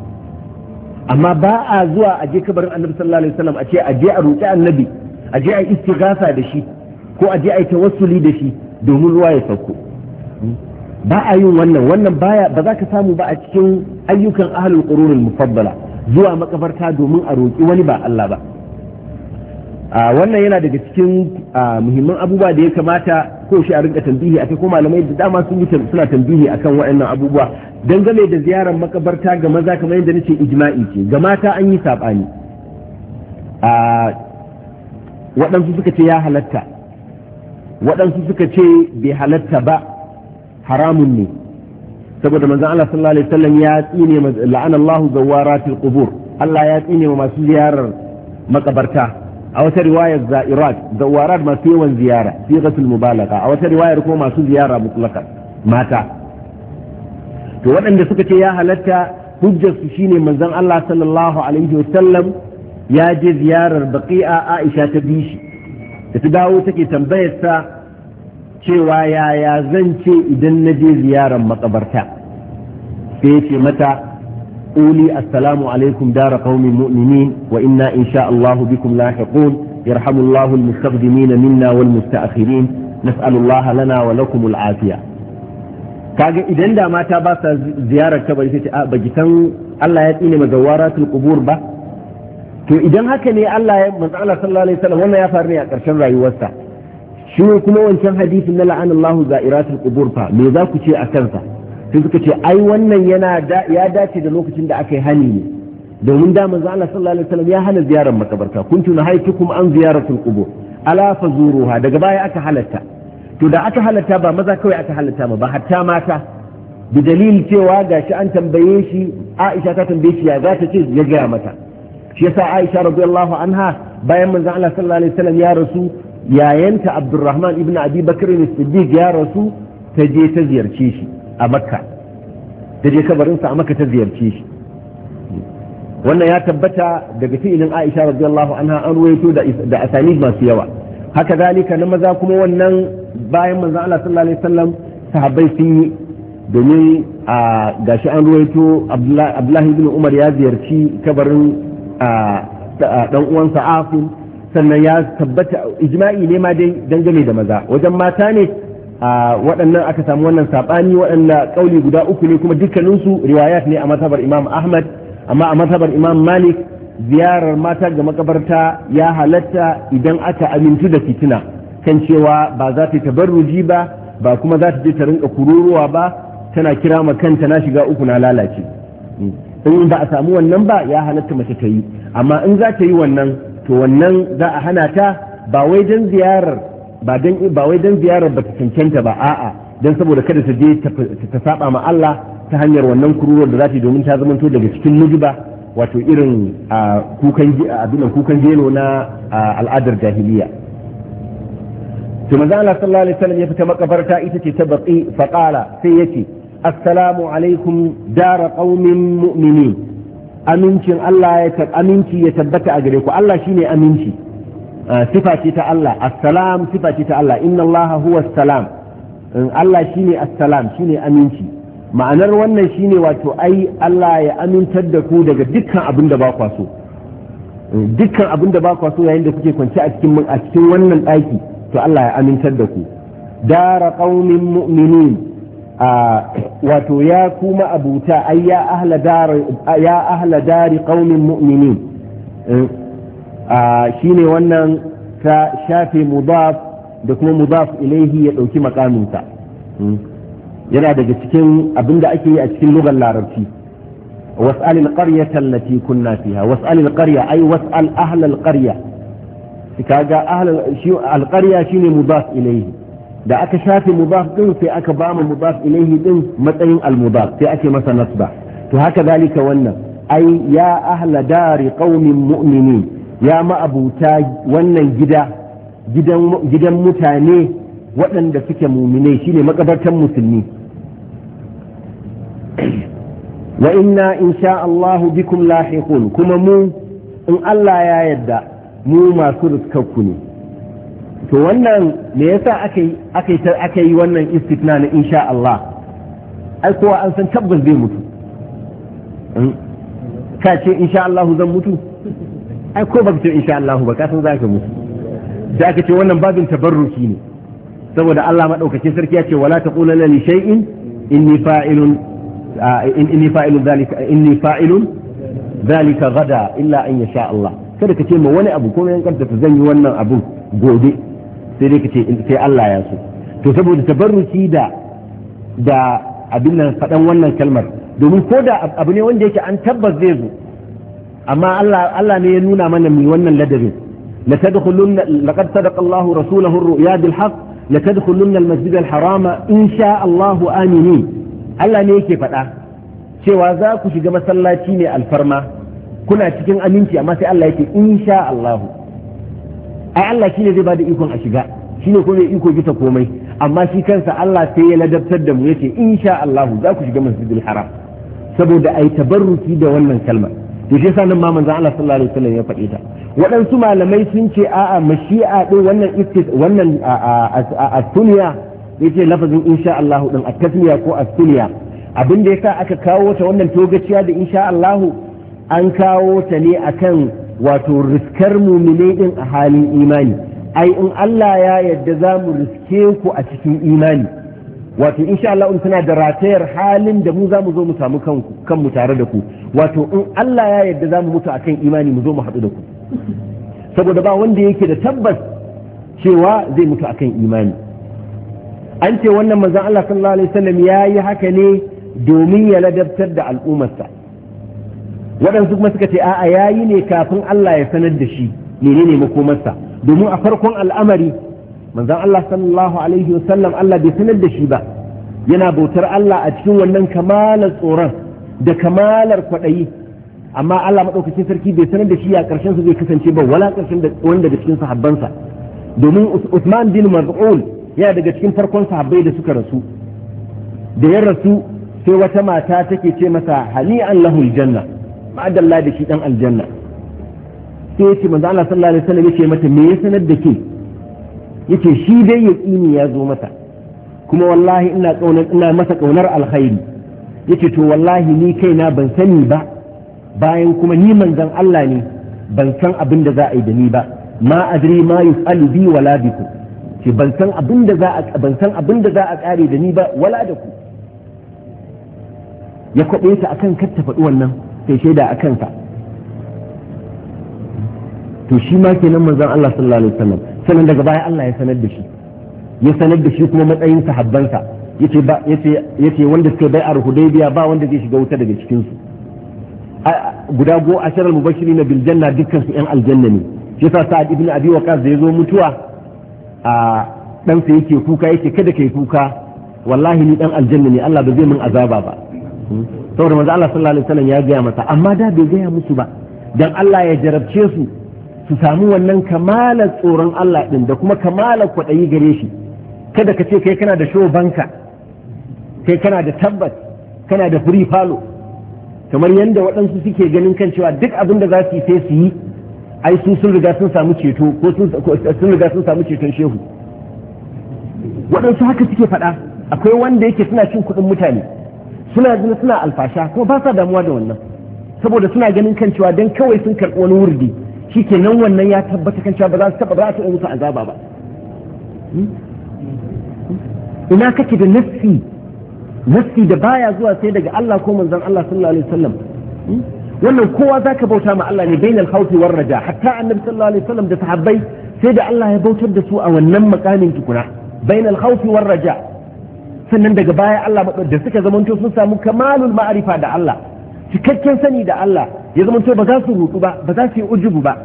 amma ba a zuwa a je kabarin Annabi sallallahu alaihi wasallam a ce a je a roƙi Annabi a je a yi istighasa da shi ko a je a yi tawassuli da shi domin ruwa ya sauko ba a yin wannan wannan baya ba za ka samu ba a cikin ayyukan ahlul qurunul mufaddala zuwa makabarta domin a roƙi wani ba Allah ba a wannan yana daga cikin muhimman abubuwa da ya kamata ko shi a rinka tambihi a ko malamai da dama sun yi suna tambihi akan waɗannan abubuwa dangane da ziyarar makabarta ga maza kamar yadda nace ijma'i ce ga mata an yi sabani a waɗansu suka ce ya halatta waɗansu suka ce bai halatta ba haramun ne saboda manzon Allah sallallahu alaihi wasallam ya tsine la'ana Allahu zawaratil qubur Allah ya tsine wa masu ziyarar makabarta a wata riwayar za'irat zawarat masu yawan ziyara sigatul mubalagha a wata riwaya kuma masu ziyara mutlaka mata to waɗanda suka ce ya halatta hujjar su shine manzon Allah sallallahu alaihi wasallam ya je ziyarar baqi'a Aisha ta bishi da ta dawo take tambayar sa cewa yaya zan ce idan na je ziyarar makabarta sai ce mata uli assalamu alaikum dara qaumi mu'minin wa inna insha Allah bikum lahiqun yarhamu Allah al-mustaqdimin minna wal mustaakhirin nas'alu Allah lana wa lakum al-afiya kaga idan da mata ba sa ziyarar kabari sai ce a baki san Allah ya tsine magawaratul qubur ba to idan haka ne Allah ya manzo Allah sallallahu ya faru ne a ƙarshen rayuwarsa shi kuma wancan hadisin na la'an Allah za'iratul qubur fa me za ku ce a kansa sai suka ce ai wannan yana ya dace da lokacin da aka yi hani ne domin da manzo Allah sallallahu alaihi wasallam ya hana ziyarar makabarta haifi kuma an ziyaratul qubur ala fazuruha daga baya aka halatta to da aka halatta ba maza kawai aka halatta ba hatta mata bi dalil cewa gashi an tambaye shi Aisha ta tambaye shi ya za ta ce ya gaya mata shi yasa Aisha radiyallahu anha bayan manzo Allah sallallahu alaihi wasallam ya rasu yayanta abdurrahman ibn abi bakr siddiq ya rasu ta je ta ziyarce shi a makka ta je kabarinsa a makka ta ziyarce shi wannan ya tabbata daga fi'ilin aisha radiyallahu anha an ruwaito da asani masu yawa haka zalika na maza kuma wannan bayan manzo Allah sallallahu alaihi wasallam sahabbai sun yi domin a gashi an ruwaito abdullahi ibn umar ya ziyarci kabarin dan uwansa asim sannan ya tabbata ijma'i ne ma dai dangane da maza wajen mata ne a waɗannan aka samu wannan saɓani waɗanda ƙauli guda uku ne kuma dukkaninsu riwayat ne a mazhabar imam ahmad amma a mazhabar imam malik ziyarar mata ga makabarta ya halatta idan aka amintu da fitina kan cewa ba za ta tabarruji ba ba kuma za ta je ta rinka kururuwa ba tana kira ma kanta na shiga uku na lalace in ba a samu wannan ba ya halatta mace ta yi amma in za ta yi wannan to wannan za a hana ta ba wai dan ziyarar ba ba wai ziyarar ba ta cancanta ba a'a Don saboda kada ta je ta saba ma Allah ta hanyar wannan kururuwar da za ta domin ta zamanto daga cikin nujuba wato irin kukan abinan kukan jelo na al'adar jahiliya to manzo Allah sallallahu alaihi wasallam ya fita makabarta ita ce ta baqi faqala sai yace assalamu alaikum dar qaumin mu'minin amincin Allah ya aminci ya tabbata a gare ku Allah shine aminci ah, sifa ce ta Allah assalam sifa ce ta Allah inna Allah huwa assalam Allah shine assalam shine aminci ma'anar wannan shine wato ai Allah ya amintar da ku daga dukkan abin da ba kwa so eh, dukkan abin da ba kwa so yayin da kuke kwance a cikin a cikin wannan daki to Allah ya amintar da ku dara qaumin mu'minin wato ya kuma abuta ai ya ahla dari ƙaunin mu'minin eh, shi ne wannan ta shafe mudaf da kuma mudaf ilaihi ya ɗauki makaminsa hmm. yana daga cikin abinda ake yi a cikin lugar larabci was'al al-qaryata allati kunna fiha was'al al-qarya ay was'al ahla al-qarya kaga ahla shi al-qarya shine mudaf ilaihi. da aka shafe mubaf din sai aka ba mu mudaf ilaihi din matsayin al-mudaf sai ake masa nasba to haka zalika wannan ai ya ahla dari qaumin mu'minin ya ma'abuta wannan gida gidan gidan mutane waɗanda suke muminai shine makabartan musulmi wa inna insha Allah bikum lahiqun kuma mu in Allah ya yarda mu masu riskakku ne to wannan me yasa aka yi aka yi wannan istitna na insha Allah ai kowa an san tabbas zai mutu hmm? ka ce insha Allah zan mutu ai ko baka ce insha Allah ba ka san ka mutu da aka ce wannan babin tabarruki ne saboda Allah madaukake sarki ya ce wala taqulu li shay'in inni fa'ilun inni fa'ilun zalika inni fa'ilun zalika gada illa an yasha Allah kada ka ce ma wani abu ko yan kanta zan yi wannan abu gobe sai dai kace in sai Allah ya so to saboda tabarruki da da abin nan fadan wannan kalmar domin ko da abu ne wanda yake an tabbas zai zo amma Allah Allah ne ya nuna mana mi wannan ladabin la tadkhulunna laqad sadaqa Allahu rasulahu ar-ru'ya bil haqq لتدخلن المسجد الحرام إن شاء الله Allah ne yake faɗa cewa za ku shiga masallaci ne alfarma kuna cikin aminci amma sai Allah yake in sha Allahu ai Allah shine zai bada ikon a shiga shine ko zai iko bisa komai amma shi kansa Allah sai ya ladabtar da mu yace insha Allah za ku shiga masjidil haram saboda ai tabarruki da wannan kalma to shi yasa nan ma manzon Allah sallallahu alaihi wasallam ya faɗi ta waɗansu malamai sun ce a'a mashi'a din wannan istis wannan as-sunya yace lafazin insha Allah din at-tasmiya ko as-sunya abin da yasa aka kawo ta wannan togaciya da insha Allah an kawo ta ne akan wato riskar muminai din a halin imani ai in Allah ya yadda za mu riske ku a cikin imani wato insha Allah in tana da ratayar halin da mu za mu zo mu samu kanku kanmu tare da ku wato in Allah ya yadda za mu mutu akan imani mu zo mu haɗu da ku saboda ba wanda yake da tabbas cewa zai mutu akan imani an ce wannan manzon Allah sallallahu alaihi wasallam ya yi haka ne domin ya ladabtar da al'ummarsa waɗansu kuma suka ce a'a yayi ne kafin Allah ya sanar da shi menene makomarsa domin a farkon al'amari manzon Allah sallallahu alaihi wasallam Allah bai sanar da shi ba yana bautar Allah a cikin wannan kamalar tsoron da kamalar kwaɗayi amma Allah maɗaukacin sarki bai sanar da shi a ƙarshen su zai kasance ba wala ƙarshen wanda da cikin sahabbansa domin Usman bin Maz'un yana daga cikin farkon sahabbai da suka rasu da ya rasu sai wata mata take ce masa hani'an lahul madalla da shi dan aljanna sai ya yace manzo Allah sallallahu alaihi wasallam yace mata me ya sanar da ke yace shi dai yaqini ya zo mata kuma wallahi ina kaunar ina masa kaunar alkhairi yace to wallahi ni kaina ban sani ba bayan kuma ni manzon Allah ne ban san abin da za a yi da ni ba ma adri ma yufalu bi wala biku ce ban san abin da za a ban san abin da za a kare da ni ba wala da ku ya kwabe ta akan kar ta faɗi wannan ya shaida a kansa to shi ma kenan manzon Allah sallallahu alaihi wasallam sannan daga baya Allah ya sanar da shi ya sanar da shi kuma matsayin sahabbansa yace ba yace yace wanda suka a Hudaybiya ba wanda zai shiga wuta daga cikin su guda go al mubashirin bil janna dukkan su yan aljanna ne shi yasa Sa'ad ibn Abi waqas zai zo mutuwa a dan sa yake kuka yake kada kai kuka wallahi ni dan aljanna ne Allah ba zai min azaba ba hmm? saboda manzo Allah sallallahu alaihi wasallam ya gaya masa amma da bai gaya musu ba dan Allah ya jarabce su su samu wannan kamala tsoron Allah din da kuma kamala kwaɗayi gare shi kada ka ce kai kana da show banka kai kana da tabbat kana da free falo kamar yadda waɗansu suke ganin kan cewa duk abin da za su yi sai su yi ai su sun riga sun samu ceto ko sun riga sun samu ceton shehu waɗansu haka suke faɗa akwai wanda yake suna cin kuɗin mutane suna jin suna alfasha kuma ba sa damuwa da wannan saboda suna ganin kan cewa dan kawai sun karɓi wani wurdi shike nan wannan ya tabbata kan cewa ba za su taɓa za su musu azaba ba hmm? Hmm? ina kake da nassi nassi da baya zuwa sai daga Allah ko manzon Allah sallallahu alaihi wasallam hmm? wannan kowa zaka bauta ma Allah ne bainal khawfi war raja hatta annabi sallallahu alaihi wasallam da sahabbai sai da Allah ya bautar da su a wannan makamin tukuna bainal khawfi war raja' sannan daga baya Allah da suka zamanto sun samu kamalul ma'arifa da Allah cikakken sani da Allah ya zamanto ba za su rutu ba ba za su yi ujubu ba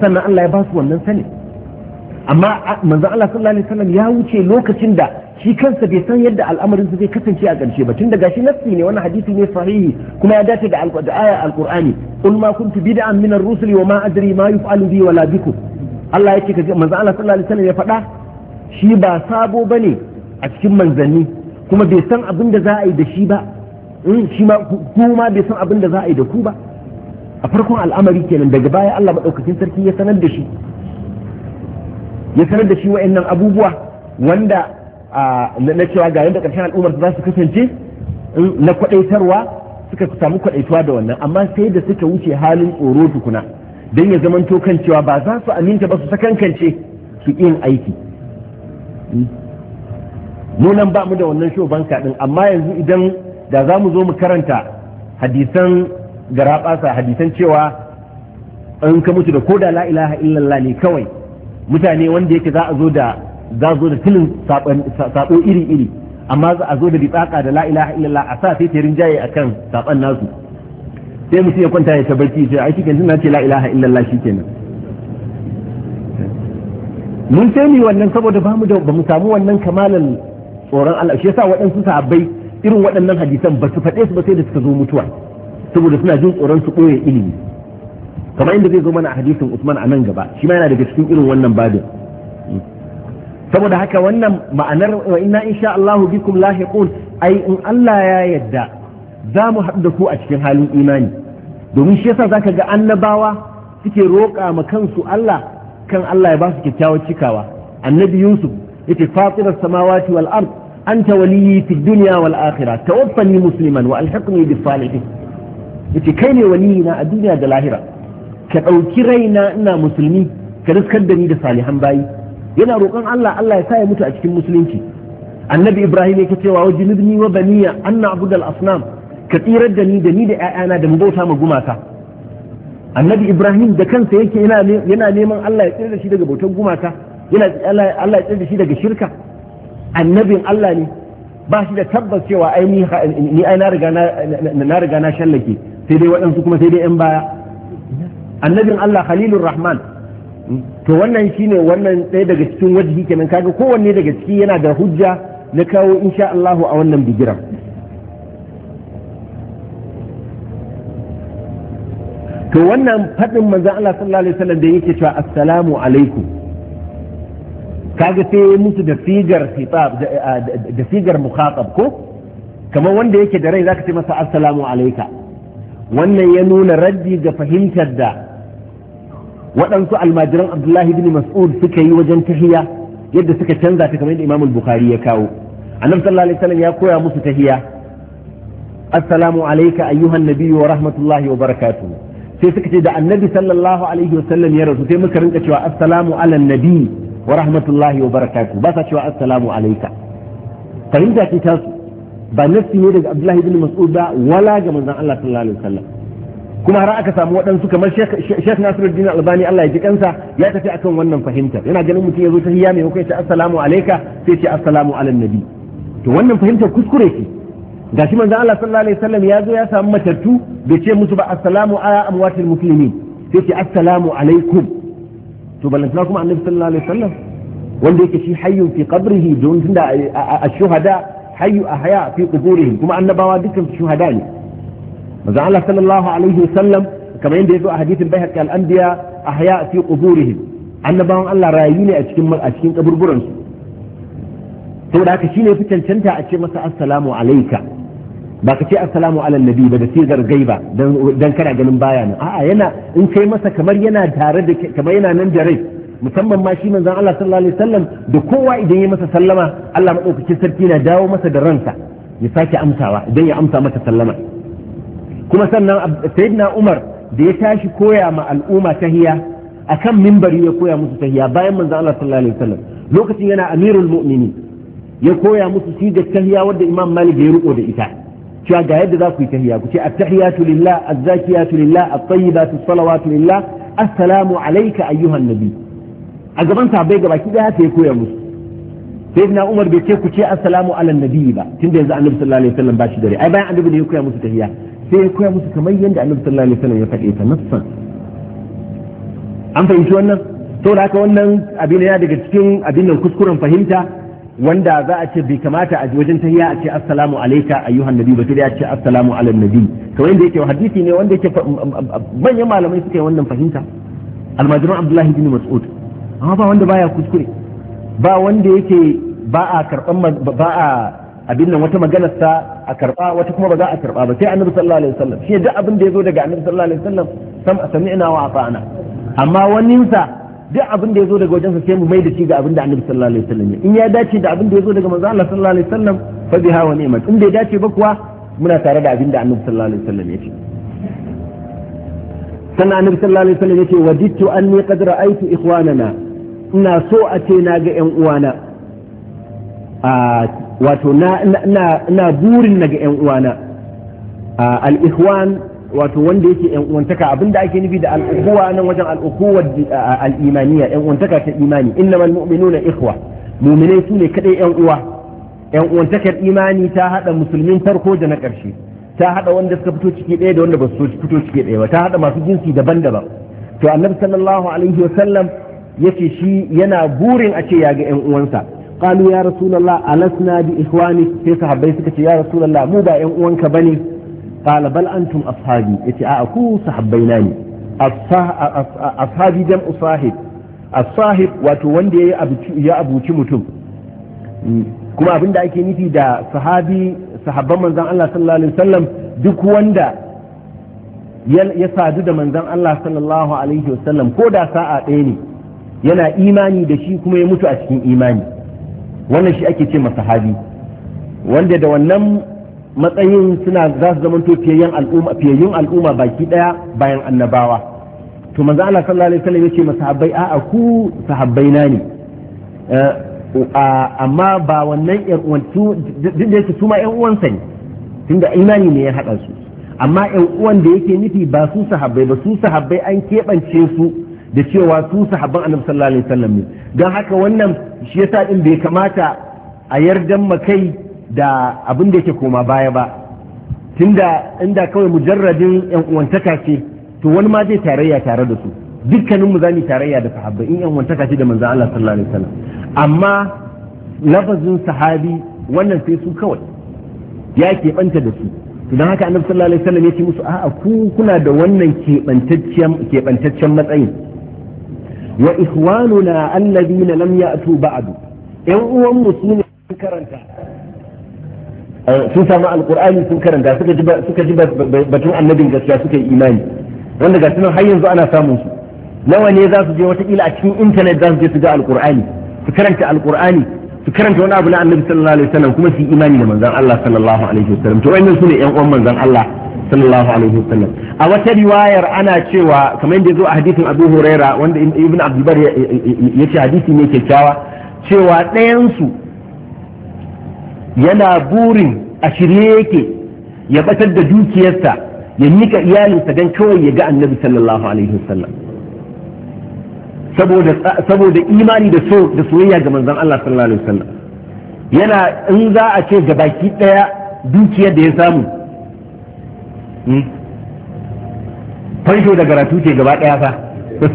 sannan Allah ya ba su wannan sani amma manzon Allah sallallahu alaihi wasallam ya wuce lokacin da shi kansa bai san yadda al'amarin su zai kasance a ƙarshe ba tun gashi shi nassi ne wannan hadisi ne sahihi kuma ya dace da aya alqur'ani qul ma kuntu bid'an min ar-rusuli wa ma adri ma yuf'alu bi wala bikum Allah yake kaje manzon Allah sallallahu alaihi wasallam ya faɗa shi ba sabo bane a cikin manzanni kuma bai san abin da za a yi da shi ba mm, shi ma kuma bai san abin da za a yi da ku ba a farkon al'amari kenan daga baya Allah maɗaukakin sarki ya sanar da shi ya sanar da shi wa'annan abubuwa wanda na cewa ga yadda ƙarshen al'ummar za su kasance mm, na kwaɗaitarwa suka samu kwaɗaituwa da wannan amma sai da suka wuce halin tsoro tukuna don ya zamanto kan cewa ba za su aminta ba su sakankance su yin aiki mm. mu nan ba mu da wannan show banka din amma yanzu idan da za mu zo mu karanta hadisan garaɓasa, hadisan cewa in ka mutu da koda la ilaha illallah ne kawai mutane wanda yake za a zo da za zo da tilin sabo iri iri amma za a zo da bitsaka da la ilaha illallah a sa sai tirin jaye akan saban nasu sai mutum ya kwanta ya tabbaci sai ai shikenan na ce la ilaha illallah shikenan mun sai ni wannan saboda bamu da bamu samu wannan kamalan tsoron Allah shi yasa waɗansu sahabbai irin waɗannan hadisan ba su faɗe su ba sai da suka zo mutuwa saboda suna jin tsoron su ɓoye ilimi kamar inda zai zo mana a hadisin Usman a nan gaba shi ma yana daga cikin irin wannan babin saboda haka wannan ma'anar wa inna insha Allahu bikum lahiqun ai in Allah ya yadda za mu haɗu da ku a cikin halin imani domin shi yasa zaka ga annabawa suke roƙa ma kansu Allah kan Allah ya ba su kyakkyawar cikawa annabi Yusuf yace fatirar samawati wal ard anta waliyyi fid dunya wal akhirah tawaffani musliman wa alhiqni bis salihin yace kai ne waliyi na a duniya da lahira ka dauki raina ina musulmi ka riskar da ni da salihan bayi yana roƙon Allah Allah ya sa ya mutu a cikin musulunci annabi ibrahim yake cewa wa jinibni wa baniya anna al asnam ka tsirar da ni da ni da ƴaƴana da mu bauta ma gumaka annabi ibrahim da kansa yake yana neman Allah ya tsira da shi daga bautar gumaka yana Allah ya tsare shi daga shirka annabin Allah ne ba shi da tabbas cewa ai ni ni ai na riga na shallake sai dai waɗansu kuma sai dai yan baya annabin Allah khalilur rahman to wannan shine wannan ɗaya daga cikin wajibi kenan kaga kowanne daga ciki yana da hujja na kawo insha Allah a wannan bigiran to wannan faɗin manzon Allah sallallahu alaihi wasallam da yake cewa assalamu alaikum kaga sai musu da sigar hitsab da sigar mukhatab ko kamar wanda yake da rai zaka ce masa assalamu alayka wannan ya nuna raddi ga fahimtar da waɗansu almajiran abdullahi bin mas'ud suka yi wajen tahiya yadda suka canza ta kamar yadda imam bukhari ya kawo annabi sallallahu alaihi wasallam ya koya musu tahiya assalamu alayka ayyuhan nabiyyu wa rahmatullahi wa barakatuh sai suka ce da annabi sallallahu alaihi wasallam ya rasu sai muka rinka cewa assalamu ala nabi wa rahmatullahi wa barakatuh ba sa cewa assalamu alayka fahimta ce ta su ba nassi ne daga Abdullahi bin Mas'ud ba wala ga manzon Allah sallallahu alaihi wasallam kuma har aka samu waɗansu kamar Sheikh Nasiruddin Albani Allah ya ji kansa ya tafi akan wannan fahimtar yana ganin mutum ya zo ta hiya mai hukai ce assalamu alayka sai ce assalamu ala nabi to wannan fahimtar kuskure ce gashi manzon Allah sallallahu alaihi wasallam ya zo ya samu matattu bai ce musu ba assalamu ala amwatil muslimin sai ce assalamu alaikum to ballantana kuma annabi sallallahu alaihi wasallam wanda yake shi hayyu fi qabrihi don tunda ash-shuhada hayyu ahya fi quburihim kuma annabawa dukkan shuhada ne manzo Allah sallallahu alaihi wasallam kama yadda yazo a hadithin bayhaqi al-anbiya ahya fi quburihim annabawan Allah rayu ne a cikin a cikin kaburburan su saboda haka shine fi cancanta a ce masa assalamu alayka ba ka ce assalamu ala nabi ba da sigar gaiba dan kana ganin baya nan a'a yana in kai masa kamar yana tare da kamar yana nan da rai musamman ma shi manzon Allah sallallahu alaihi wasallam da kowa idan ya masa sallama Allah madaukakin sarki na dawo masa da ransa ya sake amsawa idan ya amsa masa sallama kuma sannan sayyidina Umar da ya tashi koya ma al'umma tahiya akan mimbari ya koya musu tahiya bayan manzon Allah sallallahu alaihi wasallam lokacin yana amirul mu'minin ya koya musu sigar tahiya wanda Imam Malik ya riko da ita cewa ga yadda za ku yi tahiya ku ce at-tahiyatu lillah az-zakiyatu lillah at-tayyibatu salawatu lillah assalamu alayka ayyuhan nabi a gaban sahabbai gaba ki daya sai koya musu sayyidina umar bai ce ku ce assalamu ala nabi ba tunda yanzu annabi sallallahu alaihi wasallam ba shi dare ai bayan annabi ne ya koya musu tahiya. sai ya koya musu kamar yadda annabi sallallahu alaihi wasallam ya faɗe ta nassan an fahimci wannan saboda haka wannan abin ya daga cikin abin nan kuskuren fahimta wanda za a ce bai kamata a wajen tahiya a ce assalamu alayka ayyuhan nabi ba sai a ce assalamu ala nabi to wanda yake hadisi ne wanda yake manyan malamai suka yi wannan fahimta almajiran abdullahi bin mas'ud amma ba wanda baya kuskure ba wanda yake ba a karban ba a abin nan wata maganar sa a karba wata kuma ba za a karba ba sai annabi sallallahu alaihi wasallam shi duk abin da yazo daga annabi sallallahu alaihi wasallam Sam'a sami'na wa ata'na amma wani waninsa duk abin da ya zo daga wajensa sai mu mai da shi ga abin da annabi sallallahu alaihi wasallam in ya dace da abin da ya zo daga manzo Allah sallallahu alaihi wasallam fa biha wa ni'mat in bai dace ba kuwa muna tare da abin da annabi sallallahu alaihi wasallam ya ce sannan annabi sallallahu alaihi wasallam ya ce wajidtu anni qad ra'aytu ikhwanana ina so a ce na ga yan uwana a wato na na na burin na ga yan uwana al ikhwan wato wanda yake yan uwantaka abinda ake nufi da al'ukuwa nan wajen al'ukuwa al'imaniya yan uwantaka ta imani innamal mu'minuna ikhwa mu'minai sune kadai yan uwa yan uwantakar imani ta hada musulmin farko da na karshe ta hada wanda suka fito ciki ɗaya da wanda ba su fito ciki ɗaya ba ta hada masu jinsi daban-daban to annabi sallallahu alaihi wa sallam yace shi yana burin a ce ya ga yan uwansa qalu ya rasulullah alasna bi ikhwani sai sahabbai suka ce ya rasulullah mu ba yan uwanka bane qala bal antum ashabi yace a ku sahabbaina ne ashabi jam'u wato wanda ya ya abuci mutum kuma abinda ake nufi da sahabi sahabban manzon Allah sallallahu duk wanda ya sadu da manzon Allah sallallahu alaihi wasallam ko da sa'a ɗaya ne yana imani da shi kuma ya mutu a cikin imani wannan shi ake ce sahabi wanda da wannan matsayin suna za su zamanto fiyayyen al'umma fiyayyun al'umma baki daya bayan annabawa to manzo Allah sallallahu alaihi wasallam yace masahabbai a'a ku sahabbai na ne eh, amma ba wannan 'yan uwan din da yake su ma uwan uwansa ne tunda imani ne ya haɗa su amma 'yan uwan da yake nufi ba su sahabbai ba su sahabbai an keɓance su da cewa su sahabban annabi sallallahu alaihi wasallam ne don haka wannan shi yasa din bai kamata a yardan makai da abin da yake koma baya ba tunda inda kawai mujarradin yan uwantaka ce to wani ma zai tarayya tare da su dukkanin mu zamu tarayya da sahabbai in yan uwantaka ce da manzo Allah sallallahu alaihi wasallam amma lafazin sahabi wannan sai su kawai ya keɓanta da su idan haka annabi sallallahu alaihi wasallam ya ce musu a'a ku kuna da wannan keɓantaccen keɓantaccen matsayin wa ikhwanuna alladhina lam ya'tu ba'du yan uwan musulmi karanta Eh, sun samu alkur'ani sun karanta suka ji suka ji batun annabin gaskiya suka yi imani wanda ga sunan har yanzu ana samun su nawa ne za su je wata kila a cikin intanet za su je su ga alkur'ani su karanta alkur'ani su karanta wani abu na annabi sallallahu alaihi wasallam kuma su yi imani da manzon Allah sallallahu alaihi wasallam to wannan sune yan uwan manzon Allah sallallahu alaihi wasallam a wata riwayar ana cewa kamar yadda zo a hadisin Abu Huraira wanda Ibn Abdul Bar ce hadisi ne kyakkyawa cewa ɗayan su yana burin a shirye yake ya batar da dukiyarsa ya nika iyalinsa don kawai ya ga annabi sallallahu alaihi wasallam saboda imani da so da soyayya ga manzon Allah sallallahu alaihi wasallam yana in za a ce ga baki daya dukiyar da ya samu hmm? fansho da garatu ce gaba daya fa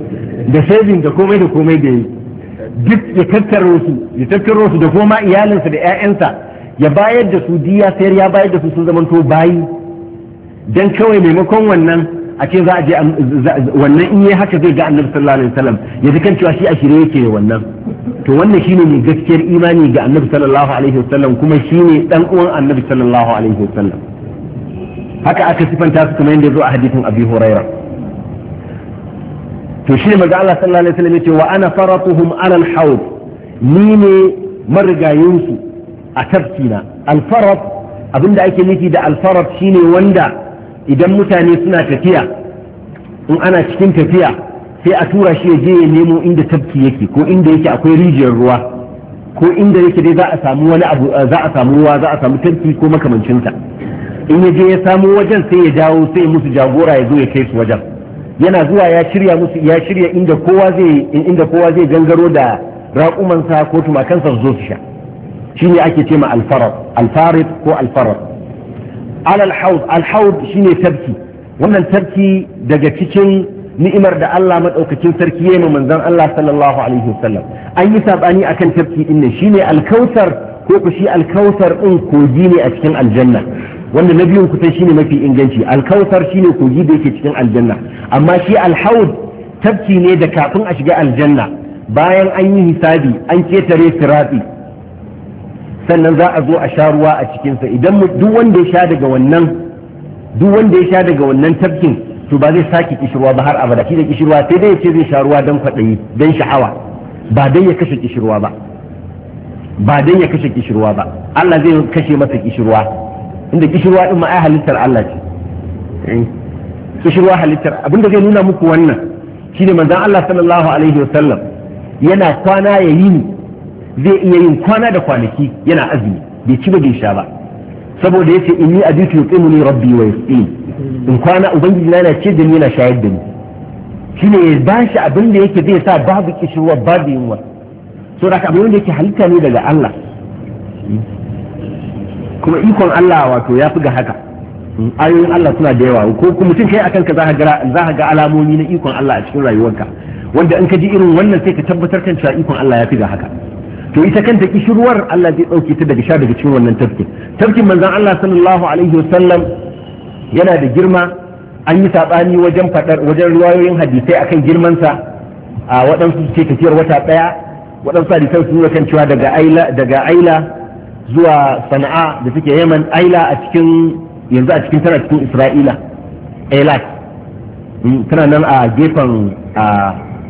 da saving da komai da komai da yi duk ya tattaro su ya tattaro su da koma iyalinsa da 'ya'yansa ya bayar da su diya sayar ya bayar da su sun zamanto bayi dan kawai maimakon wannan a ce za a je wannan in yi haka zai ga annabi sallallahu alaihi wasallam ya ji kan cewa shi a shirye yake wannan to wannan shine mai gaskiyar imani ga annabi sallallahu alaihi wasallam kuma shine dan uwan annabi sallallahu alaihi wasallam haka aka sifanta su kamar yadda zo a hadithin abi huraira to shine maza Allah sallallahu alaihi wasallam yace wa ana faratuhum ala al-hawd ni ne marigayinsu a tafkina alfarad abinda ake nufi da alfarad shine wanda idan mutane suna tafiya in ana cikin tafiya sai a tura shi ya je ya nemo inda tafki yake ko inda yake akwai rijiyar ruwa ko inda yake dai za a samu wani abu eh, za a samu ruwa za a samu tafki ko makamancinsa in ya je ya samu wajen sai ya dawo sai musu jagora ya zo ya kai su wajen yana zuwa ya shirya musu ya shirya inda kowa zai inda kowa zai gangaro da raƙumansa ko tumakansa su zo su sha shine ake ce ma alfarar alfarid ko alfarar alal alhaud shine tabki wannan tabki daga cikin ni'imar da Allah Maɗaukacin sarki ya yayin manzon Allah sallallahu alaihi wasallam an yi sabani akan tabki din ne shine alkautar ko ku shi alkautar din kogi ne a cikin aljanna wanda na biyun kusan shine mafi inganci alkautar shine kogi da yake cikin aljanna amma shi alhaud tabki ne da kafin a shiga aljanna bayan an yi hisabi an ketare sirati sannan za a zo a sha ruwa a cikinsa idan duk wanda ya sha daga wannan duk wanda ya sha daga wannan tafkin to ba zai sake kishirwa ba har abada shi da kishirwa sai dai ya ce zai sha ruwa don kwaɗayi don sha'awa ba dan ya kashe kishirwa ba ba dan ya kashe kishirwa ba Allah zai kashe masa kishirwa inda kishirwa din ma ai halittar Allah ce eh. kishirwa halittar abinda zai nuna muku wannan shine manzon Allah sallallahu alaihi wasallam yana kwana ya yini zai iya yin kwana da kwanaki yana azumi bai ci ba bai sha ba saboda yace inni ajitu yuqimuni rabbi wa yasqin in kwana ubangiji na yana ce da ni yana shayar da ni shine ya bashi abin da yake zai sa babu kishirwa babu yunwa so da abin da yake halitta ne daga Allah kuma ikon Allah wato ya fi ga haka ayoyin Allah suna da yawa ko kuma mutum kai akan ka za ka ga alamomi na ikon Allah a cikin rayuwarka wanda in ka ji irin wannan sai ka tabbatar kan cewa ikon Allah ya fi ga haka to ita kanta kishirwar Allah zai ɗauke ta daga sha daga cikin wannan tafkin tafkin manzon Allah sallallahu alaihi wasallam yana da girma an yi saɓani wajen faɗar wajen riwayoyin hadisai akan girmansa a waɗansu ce tafiyar wata ɗaya waɗansu hadisai sun kan cewa daga aila daga aila zuwa sana'a da suke yaman aila a cikin yanzu a cikin tana cikin isra'ila eilat hmm, tana nan a gefen a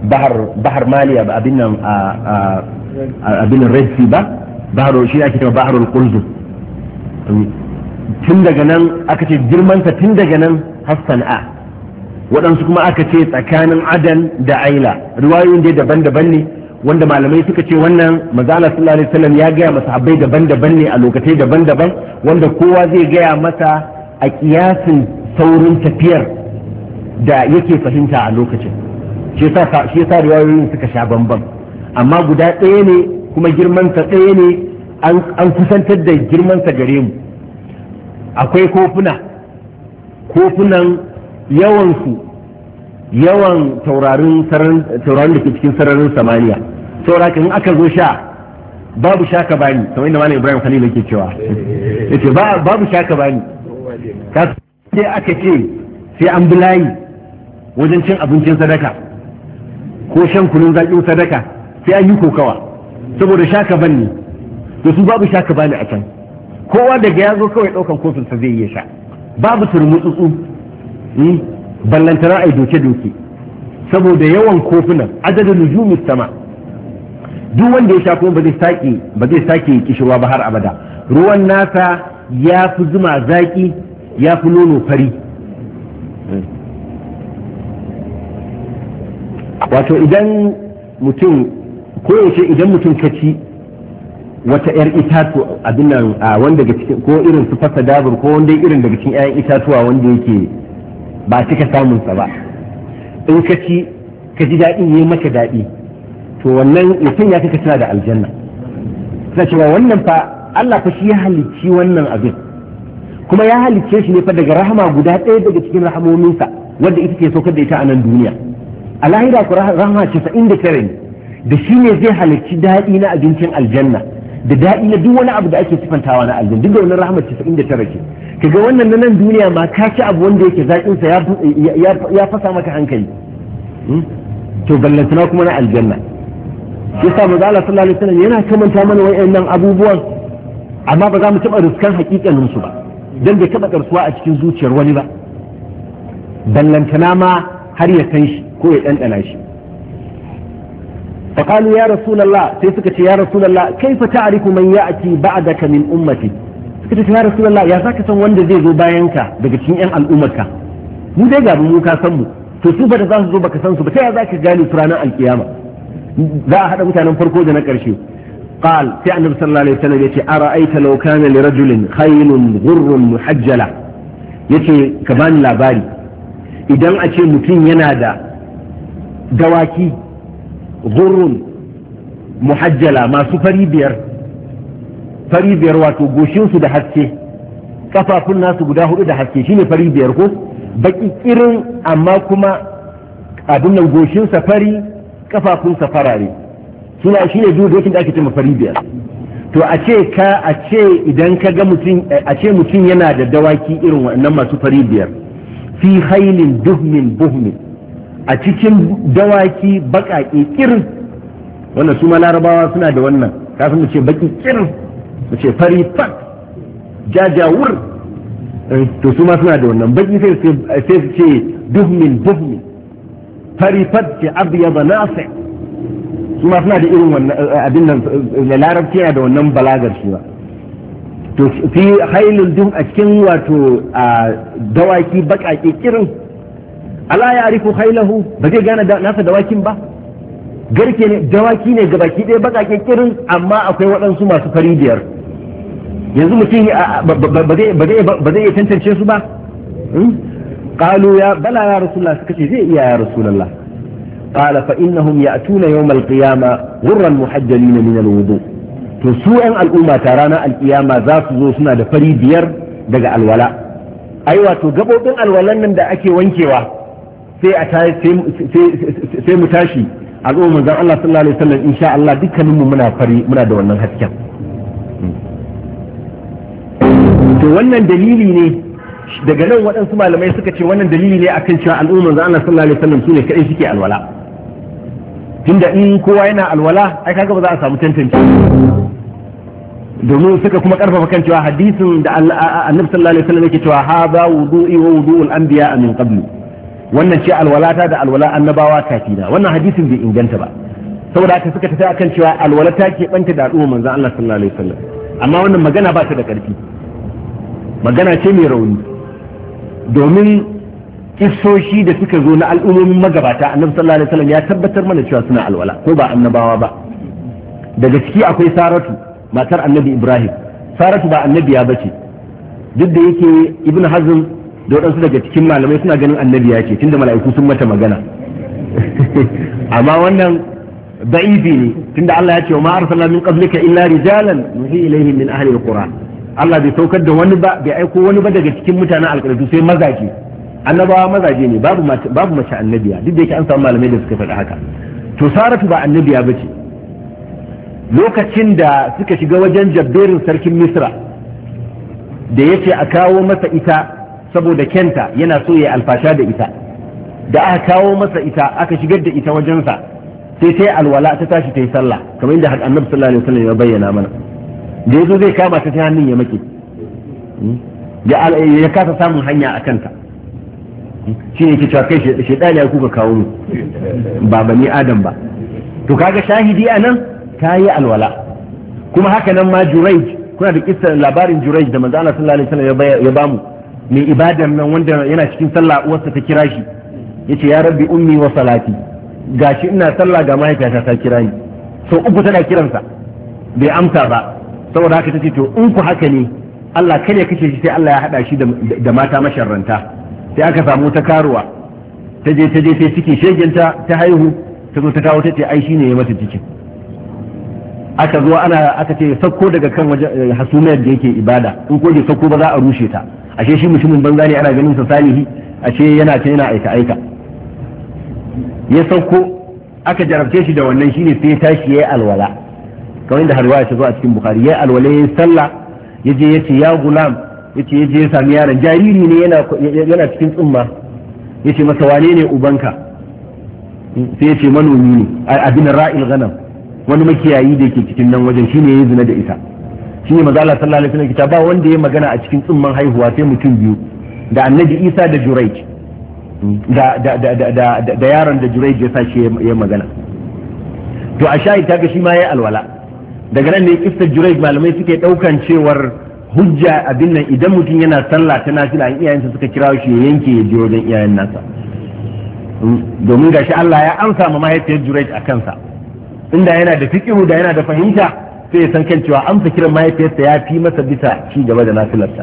bahar bahar maliya ba abin nan a abin red sea ba bahar shi ake cewa baharul qulzum tun daga nan aka ce girmansa tun daga nan har sana'a waɗansu kuma aka ce tsakanin adan da aila riwayoyin dai daban-daban ne wanda malamai suka ce wannan mazala sallallahu alaihi wasallam ya gaya masa abai daban-daban ne a lokacai daban-daban wanda kowa zai gaya masa a kiyasin saurin tafiyar da yake fahimta a lokacin shi sa shi yasa riwayoyin suka sha bamban amma guda ɗaya ne kuma girman sa ɗaya ne an kusantar da girman sa gare mu akwai kofuna kofunan yawan su yawan taurarin taurarin da ke cikin sararin samaniya saboda in aka zo sha babu shaka bani kamar inda malam ibrahim khalil yake cewa yace babu shaka bani sai aka ce sai an bi layi wajen cin abincin sadaka ko shan kunun zaƙin sadaka sai an yi kokawa saboda shaka banni da su babu shaka bani a can kowa daga ya zo kawai ɗaukan kofinsa zai iya sha babu turmi tsutsu eh, ballantana a doke-doke saboda yawan kofunan adadin nujumin sama duk wanda ya sha kuma ba zai sake ba zai sake kishirwa ba har abada ruwan nasa ya fi zuma zaƙi ya fi nono fari wato idan mutum ko yaushe idan mutum ka ci wata 'yar itatu abin nan a wanda daga cikin ko irin su fasa dabur ko wanda irin daga cikin 'ya'yan itatuwa wanda yake ba cika samun sa ba in ka ci ka ji daɗi yi maka daɗi to wannan mutum ya kaka tana da aljanna suna cewa wannan fa Allah fa shi ya halicci wannan abin kuma ya halicce shi ne fa daga rahama guda ɗaya daga cikin rahamominsa wadda ita ke saukar da ita a nan duniya a lahira ku rahama casa'in da tare da shi ne zai halarci daɗi na abincin aljanna da daɗi na duk wani abu da ake sifantawa na aljanna duk da wani rahama casa'in da tare ce kaga wannan na nan duniya ma ka ci abu wanda yake zaƙinsa ya fasa maka hankali hmm? to ballantana kuma na aljanna yasa manzo Allah sallallahu alaihi wasallam yana kamanta mana wayannan abubuwan amma ba za mu taɓa riskan hakikanin su ba dan bai taɓa karsuwa a cikin zuciyar wani ba ballantana ma har ya san shi ko ya ɗanɗana shi faƙalu ya rasulallah sai suka ce ya rasulallah kai fa ta'arifu man ya'ti ba'daka min ummati suka ce ya rasulallah ya zaka san wanda zai zo bayan ka daga cikin yan al'ummarka mu dai ga mu ka san mu to su ba da za su zo baka san su ba ta ya zaka gane su ranar alkiyama za a haɗa mutanen farko da na ƙarshe قال في النبي صلى الله عليه وسلم يتي أرأيت لو كان لرجل خيل غر محجلة يتي كمان لاباري إذا أتي متين ينادى dawaki gurrun muhajjala masu fari biyar fari biyar wato goshinsu da haske kafafun nasu guda hudu da haske shine fari biyar ko baki irin amma kuma abin nan goshinsa fari kafafunsa farare suna shi ne biyu dokin da ake cewa fari biyar to a ce ka a ce idan ka ga mutum a ce mutum yana da dawaki irin wannan masu fari biyar fi hailin duhmin buhmin a cikin dawaki baƙaƙe kirin wannan su ma larabawa suna da wannan kafin mu ce baƙi kirin mu ce fari fat jajawur eh, to su ma suna da wannan baƙi sai su ce duhmin duhmin fari fat ce abiyaba nasa su ma suna da irin wannan eh, eh, abin nan da larabci yana da wannan balagar shi ba to fi hailul duk a cikin wato dawaki baƙaƙe kirin ala ya arifu khailahu ba zai gane nasa dawakin ba garke ne dawaki ne ga baki ɗaya baƙaƙen kirin amma akwai waɗansu masu fari biyar yanzu mutum ba zai iya tantance su ba hmm? qalu ya bala ya rasulullah suka ce zai iya ya rasulullah qala fa innahum ya'tuna yawm al-qiyama ghurran muhajjalina min al-wudu to su yan al'umma ta ranar al za su zo suna da fari biyar daga alwala ai wato gabobin alwalan nan da ake wankewa sai a sai mu tashi al'umma manzon Allah sallallahu alaihi wasallam insha Allah dukkanin mu muna fari muna da wannan hasken to wannan dalili ne daga nan waɗansu malamai suka ce wannan dalili ne akan cewa al'ummar manzon Allah sallallahu alaihi wasallam sune kadai suke alwala tunda in kowa yana alwala ai kaga ba za a samu tantance domin suka kuma karfafa kan cewa hadisin da annabi sallallahu alaihi wasallam yake cewa hadha wudu'i wa wudu'ul anbiya min qabli wannan ce alwalata da alwala annabawa kafi na wannan hadisin bai inganta ba saboda haka suka tafi akan cewa alwala ta ke banta da al'umma manzon Allah sallallahu alaihi wasallam amma wannan magana ba ta da ƙarfi magana ce mai rauni domin kissoshi da suka zo na al'ummomin magabata annabi sallallahu alaihi wasallam ya tabbatar mana cewa suna alwala ko ba annabawa ba daga ciki akwai saratu matar annabi ibrahim saratu ba annabiya bace duk da yake ibn hazm da waɗansu daga cikin malamai suna ganin annabi ya ce tunda mala'iku sun mata magana amma wannan da'ifi ne tunda Allah ya ce ma arsala min qablika illa rijalan nuhi ilaihim min ahli alqura Allah bai saukar da wani ba bai aiko wani ba daga cikin mutanen alƙarfi sai mazaje annabawa mazaje ne babu babu mace annabiya duk da yake an samu malamai da suka faɗi haka to saratu ba annabiya bace lokacin da suka shiga wajen jabberin sarkin misra da yace a kawo masa ita saboda kenta yana so ya alfasha da ita da aka kawo masa ita aka shigar da ita wajensa sai ta yi alwala ta tashi ta yi sallah kamar inda annabi sallallahu alaihi wasallam ya bayyana mana da yazo zai kama ta ta hannun ya make hmm? ya kasa samun hanya a kanta hmm? shi ne ke cewa kai shaidani ya kuka kawo mu ba bani adam ba to kaga shahidi anan, ta yi alwala kuma haka nan ma juraij kuna da kissa labarin juraij da manzo Allah sallallahu alaihi wasallam ya bamu mai ibadan nan wanda yana cikin sallah uwarsa ta kira shi Ya ce ya rabbi ummi wa salati gashi ina sallah ga mahaifiyata ta kira ni sau uku tana kiransa bai amsa ba saboda haka tace to in ku haka ne Allah kada ya kashe shi sai Allah ya hada shi da mata masharranta sai aka samu ta karuwa ta je ta je sai ciki shegen ta haihu ta zo ta kawo ta ce ai shine ya mata cikin aka zo ana aka ce sauko daga kan eh, hasumiyar da yake ibada in ko ke sauko ba za a rushe ta ashe shi mutumin banza ne ana ganin sa salihi ashe yana ta yana aika aika ya sauko aka jarabce shi da wannan shine sai ya tashi yayi alwala kamar da harwa ta zo a cikin bukhari yayi alwala yayi sallah yaje yace ya gulam yace yaje ya sami yaron jariri ne yana yana cikin tsumma yace masa wane ne ubanka sai yace manomi ne abin ra'il ganam wani makiyayi da yake cikin nan wajen shine yayi zina da ita shi ne mazala sallallahu alaihi wasallam ba wanda ya magana a cikin tsumman haihuwa sai mutum biyu da annabi isa da juraij da da da da da yaron da juraij ya sashi ya magana to a shayi ga shi ma yayi alwala daga nan ne kissar juraij malamai suke daukan cewar hujja abin nan idan mutum yana sallah ta nafila an iyayensa suka kira shi ya yanke ya je wajen iyayen nasa hmm, domin gashi Allah ya amsa ma mahaifiyar juraij a kansa inda yana da fikiru da yana da fahimta sai ya san kan cewa amsa kiran mahaifiyarsa ya fi masa bisa ci gaba da nafilarsa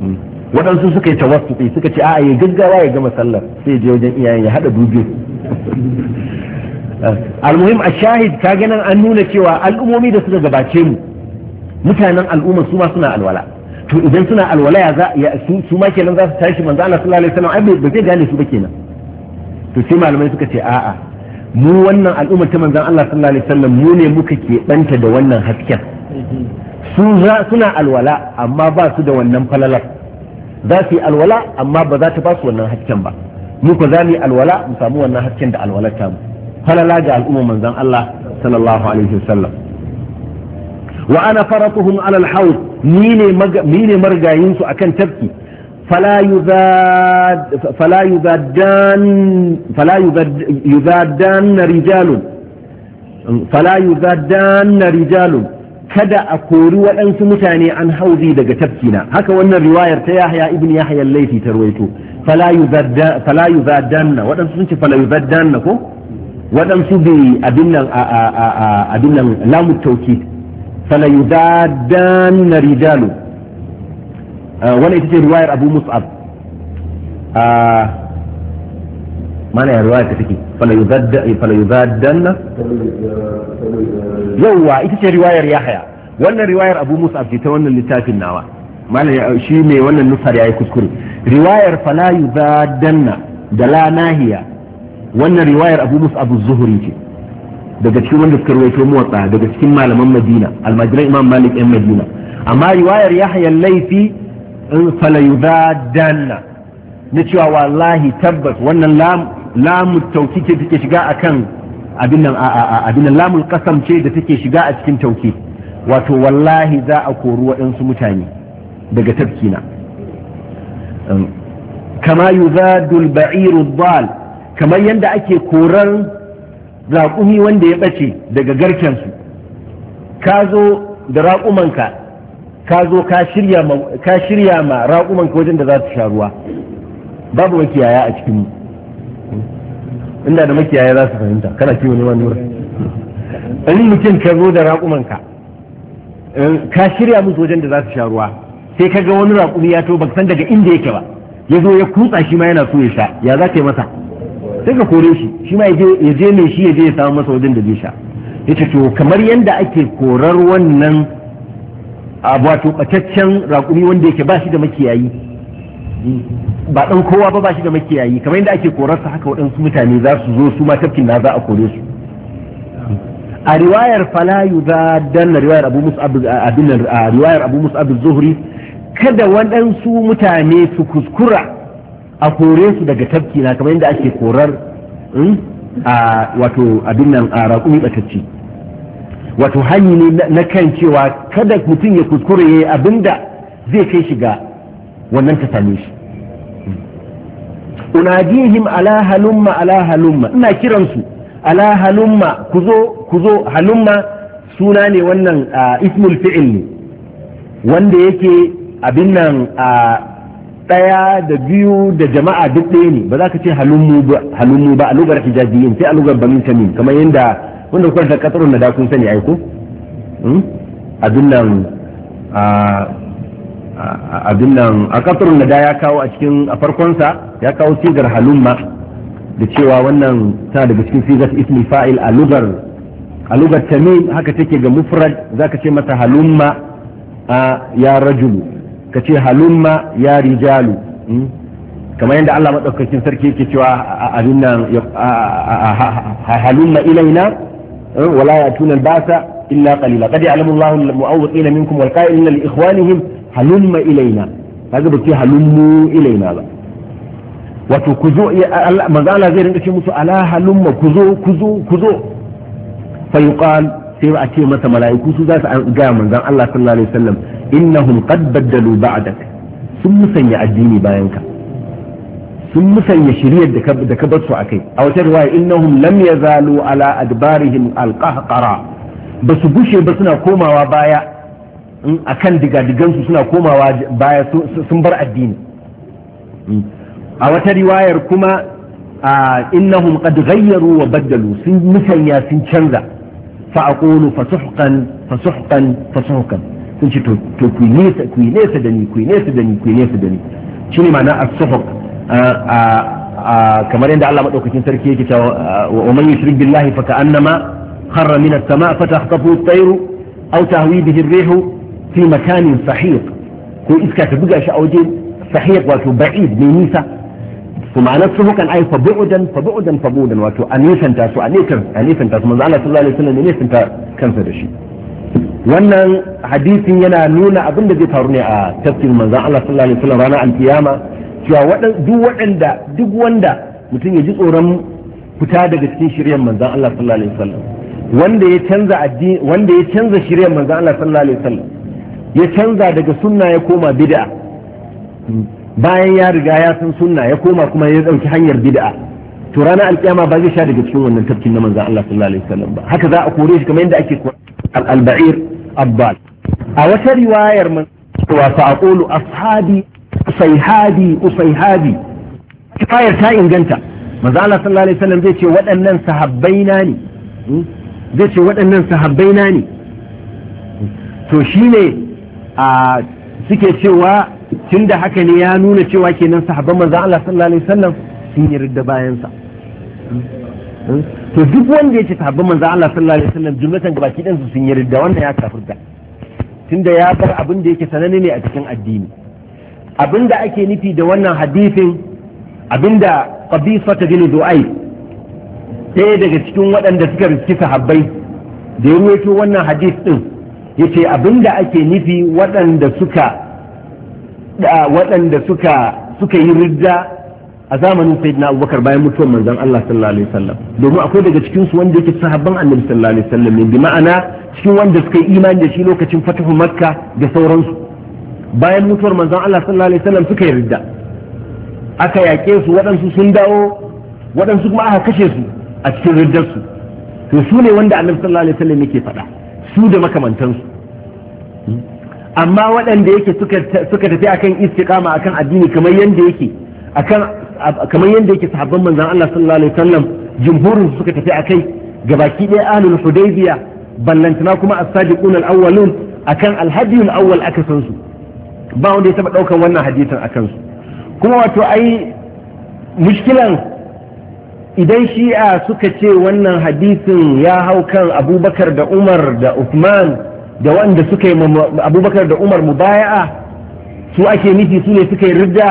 hmm. waɗansu suka yi tawassuti suka ce a'a ya gaggawa ya gama sallar sai ya je wajen iyayen ya haɗa dubi almuhim a shahid ka ganin an nuna cewa al'ummomi da suka gabace mu mutanen al'umma su ma suna alwala to idan suna alwala ya su ma kenan za su tashi manzo Allah sallallahu alaihi wasallam ai ba zai gane su ba kenan to sai malamai suka ce a'a mu wannan al'ummar ta manzan Allah sallallahu alaihi wasallam mu ne muka keɓanta da wannan hasken suna alwala amma ba su da wannan falalar za su yi alwala amma ba za ta ba su wannan hasken ba mu ko za mu yi alwala mu samu wannan hasken da alwalar ta mu falala ga al'ummar manzan Allah sallallahu alaihi wasallam wa ana faratuhum ala al-hawd ni ne ni ne margayin su akan tafki فلا يزاد فلا يزادان فلا يزاد يزادان رجال فلا يزادان رجال كدا اقول ان سمتاني عن حوزي دغ تفكينا هكا وان روايه يحيى ابن يحيى الليثي ترويته فلا يزاد فلا يزادان ودان سمتي فلا يزادان كو ودان سبي ابن ابن لام التوكيد فلا يزادان رجال Eh, wani ita ce riwayar abu mus'ab ah, mana ya riwayar ta take eh, fala yuzaddanna yawwa ita ce riwayar ya haya. wannan riwayar abu mus'ab ce ta wannan littafin nawa mana shi ne wannan nusar yayi kuskure riwayar fala yuzaddanna da la nahiya wannan riwayar abu mus'ab az-zuhri ce daga cikin wanda suka rawaito muwatsa daga cikin malaman madina almajiran imam malik yan madina amma riwayar yahya laifi in falayudadanna na cewa wallahi tabbas wannan lamu tauki ce take shiga akan abin nan abin nan lamul kasance ce da take shiga a cikin tauki wato wallahi za a kori waɗansu mutane daga tafkina um, kama yuzadul ba'iru dal kamar yadda ake korar raƙumi wanda ya ɓace daga garkensu ka zo da raƙumanka ka zo ka shirya ma raƙuman wajen da za su sha ruwa babu makiyaya a cikinmu inda da makiyaya za su fahimta kana kiwo ne wani wurin in mutum ka zo da raƙumanka ka shirya musu wajen da za su sha ruwa sai ka ga wani raƙumi ya to ba san daga inda yake ba ya zo ya kutsa shi ma yana so ya sha ya za ka yi masa sai ka kore shi shi ma ya je mai shi ya je ya samu masa wajen da zai sha ya ce to kamar yadda ake korar wannan a wato ɓataccen raƙumi wanda yake ba shi da makiyayi ba ɗan kowa ba ba shi da makiyayi kamar yadda ake korarsa haka waɗansu mutane za su zo su ma tafkin na za a kore su a riwayar Falayu fala danna riwayar abu mus'ab abin riwayar abu mus'ab zuhri kada waɗansu mutane su kuskura a kore su daga tafki na kamar yadda ake korar hmm, a wato abin nan a raƙumi ɓatacce wato hanyi ne na kan cewa kada mutum ya kuskure ya yi abinda zai kai shiga wannan ta same shi unadihim ala halumma ala halumma ina kiransu ala halumma kuzo kuzo halumma suna ne wannan ismul fi'il ne wanda yake abin nan a ɗaya da biyu da jama'a duk ɗaya ne ba za ka ce halummu ba a lugar hijabiyin sai a lugar bamin kamar yadda wanda kuka da katsarun na da kun sani aiko abin hmm? nan abin nan a katsarun da ya kawo a cikin a farkonsa ya kawo sigar halumma da cewa wannan tana daga cikin sigar ismi fa'il a lugar a lugar tamim haka take ga mufrad za ka ce mata halumma ya rajulu ka ce halumma ya rijalu hmm? kamar yadda Allah maɗaukakin sarki ke cewa abin nan halumma ilaina Eh, wala yatuna albasa illa qalila qad ya'lamu Allahu al-mu'awwiqina minkum wal qa'ilina li ikhwanihim halumma ilaina kaga ilaina ba wato ku zo manzo Allah zai rinka ce musu ala halumma ku zo ku zo ku zo fa yuqal sai a ce masa mala'iku su za su ga manzon Allah sallallahu alaihi wasallam innahum qad baddalu ba'dak sun musanya addini bayan ka sun musanya shiriyar da ka bar su akai a wata riwaya innahum lam yazalu ala adbarihim alqahqara ba su bushe ba suna komawa baya akan digadigan su suna komawa baya sun bar addini hmm. a wata riwayar kuma innahum qad ghayyaru wa baddalu sun musanya sun canza fa aqulu fasuhqan fasuhqan fasuhqan sun ce to ku nesa da ni ku nesa da ni ku nesa da ni shine ma'ana as-suhq kamar yadda Allah madaukakin sarki yake cewa wa man yushrik billahi fa ka'annama kharra min as-sama' fa tahtafu at-tayru aw tahwi fi makanin sahiq ko iska ta buga shi a waje sahiq wato ba'id mai nisa to ma'anar su hukan ai fa bu'dan fa fa bu'dan wato a nesanta su su kansa da shi wannan hadisin yana nuna abin da zai faru ne a tafsirin manzon Allah sallallahu alaihi wasallam ranar alkiyama cewa duk waɗanda duk wanda mutum ya ji tsoron fita daga cikin shirya manzan Allah sallallahu alaihi wasallam wanda ya canza addini wanda ya canza manzan Allah sallallahu alaihi wasallam ya canza daga sunna ya koma bid'a bayan ya riga ya san sunna ya koma kuma ya dauki hanyar bid'a to ranar alƙiyama ba zai sha daga cikin wannan tafkin na manzan Allah sallallahu alaihi wasallam ba haka za a kore shi kamar yadda ake al-alba'ir abbal a wata riwayar man wa fa aqulu ashabi usaihadi usaihadi kifayar ta inganta manzo Allah sallallahu alaihi wasallam zai ce waɗannan na ne hmm? zai ce waɗannan na ne to shine a suke cewa tunda haka ne ya nuna cewa kenan sahabban manzo Allah sallallahu alaihi wasallam sun yi ridda bayan sa hmm? to duk wanda ya ce sahabban manzo Allah sallallahu alaihi wasallam jumlatan gabaki ɗansu sun yi ridda wannan ya kafirta tunda ya bar abin da yake sananne ne a cikin addini abinda ake nufi da wannan hadisin abinda qabisa ta bin du'ai ɗaya daga cikin waɗanda suka riski sahabbai da ya ruwaito wannan hadis din yace abinda ake nufi waɗanda suka waɗanda suka suka yi ridda a zamanin sayyidina abubakar bayan mutuwar manzon Allah sallallahu alaihi wasallam domin akwai daga cikin su wanda yake sahabban annabi sallallahu alaihi wasallam bi ma'ana cikin wanda suka yi imani da shi lokacin fatahu makka da sauransu bayan mutuwar manzon Allah sallallahu alaihi wasallam suka yi ridda aka yake su waɗansu sun dawo waɗansu kuma aka kashe su a cikin riddarsu to su ne wanda annabi sallallahu alaihi wasallam yake faɗa su da makamantansu amma waɗanda yake suka tafi akan istiqama akan addini kamar yanda yake akan kamar yanda yake sahabban manzon Allah sallallahu alaihi wasallam jumhurin suka tafi akai gabaki ɗaya ahlul hudaybiya ballantana kuma as-sadiqun al-awwalun akan al-hadiyul awwal aka san su ba wanda ya taba daukan wannan hadisin akan su kuma wato ai mushkilan idan shi'a suka ce wannan hadisin ya hau kan abubakar da umar da uthman da wanda suka yi abubakar da umar mubaya'a su ake nufi su ne suka yi ridda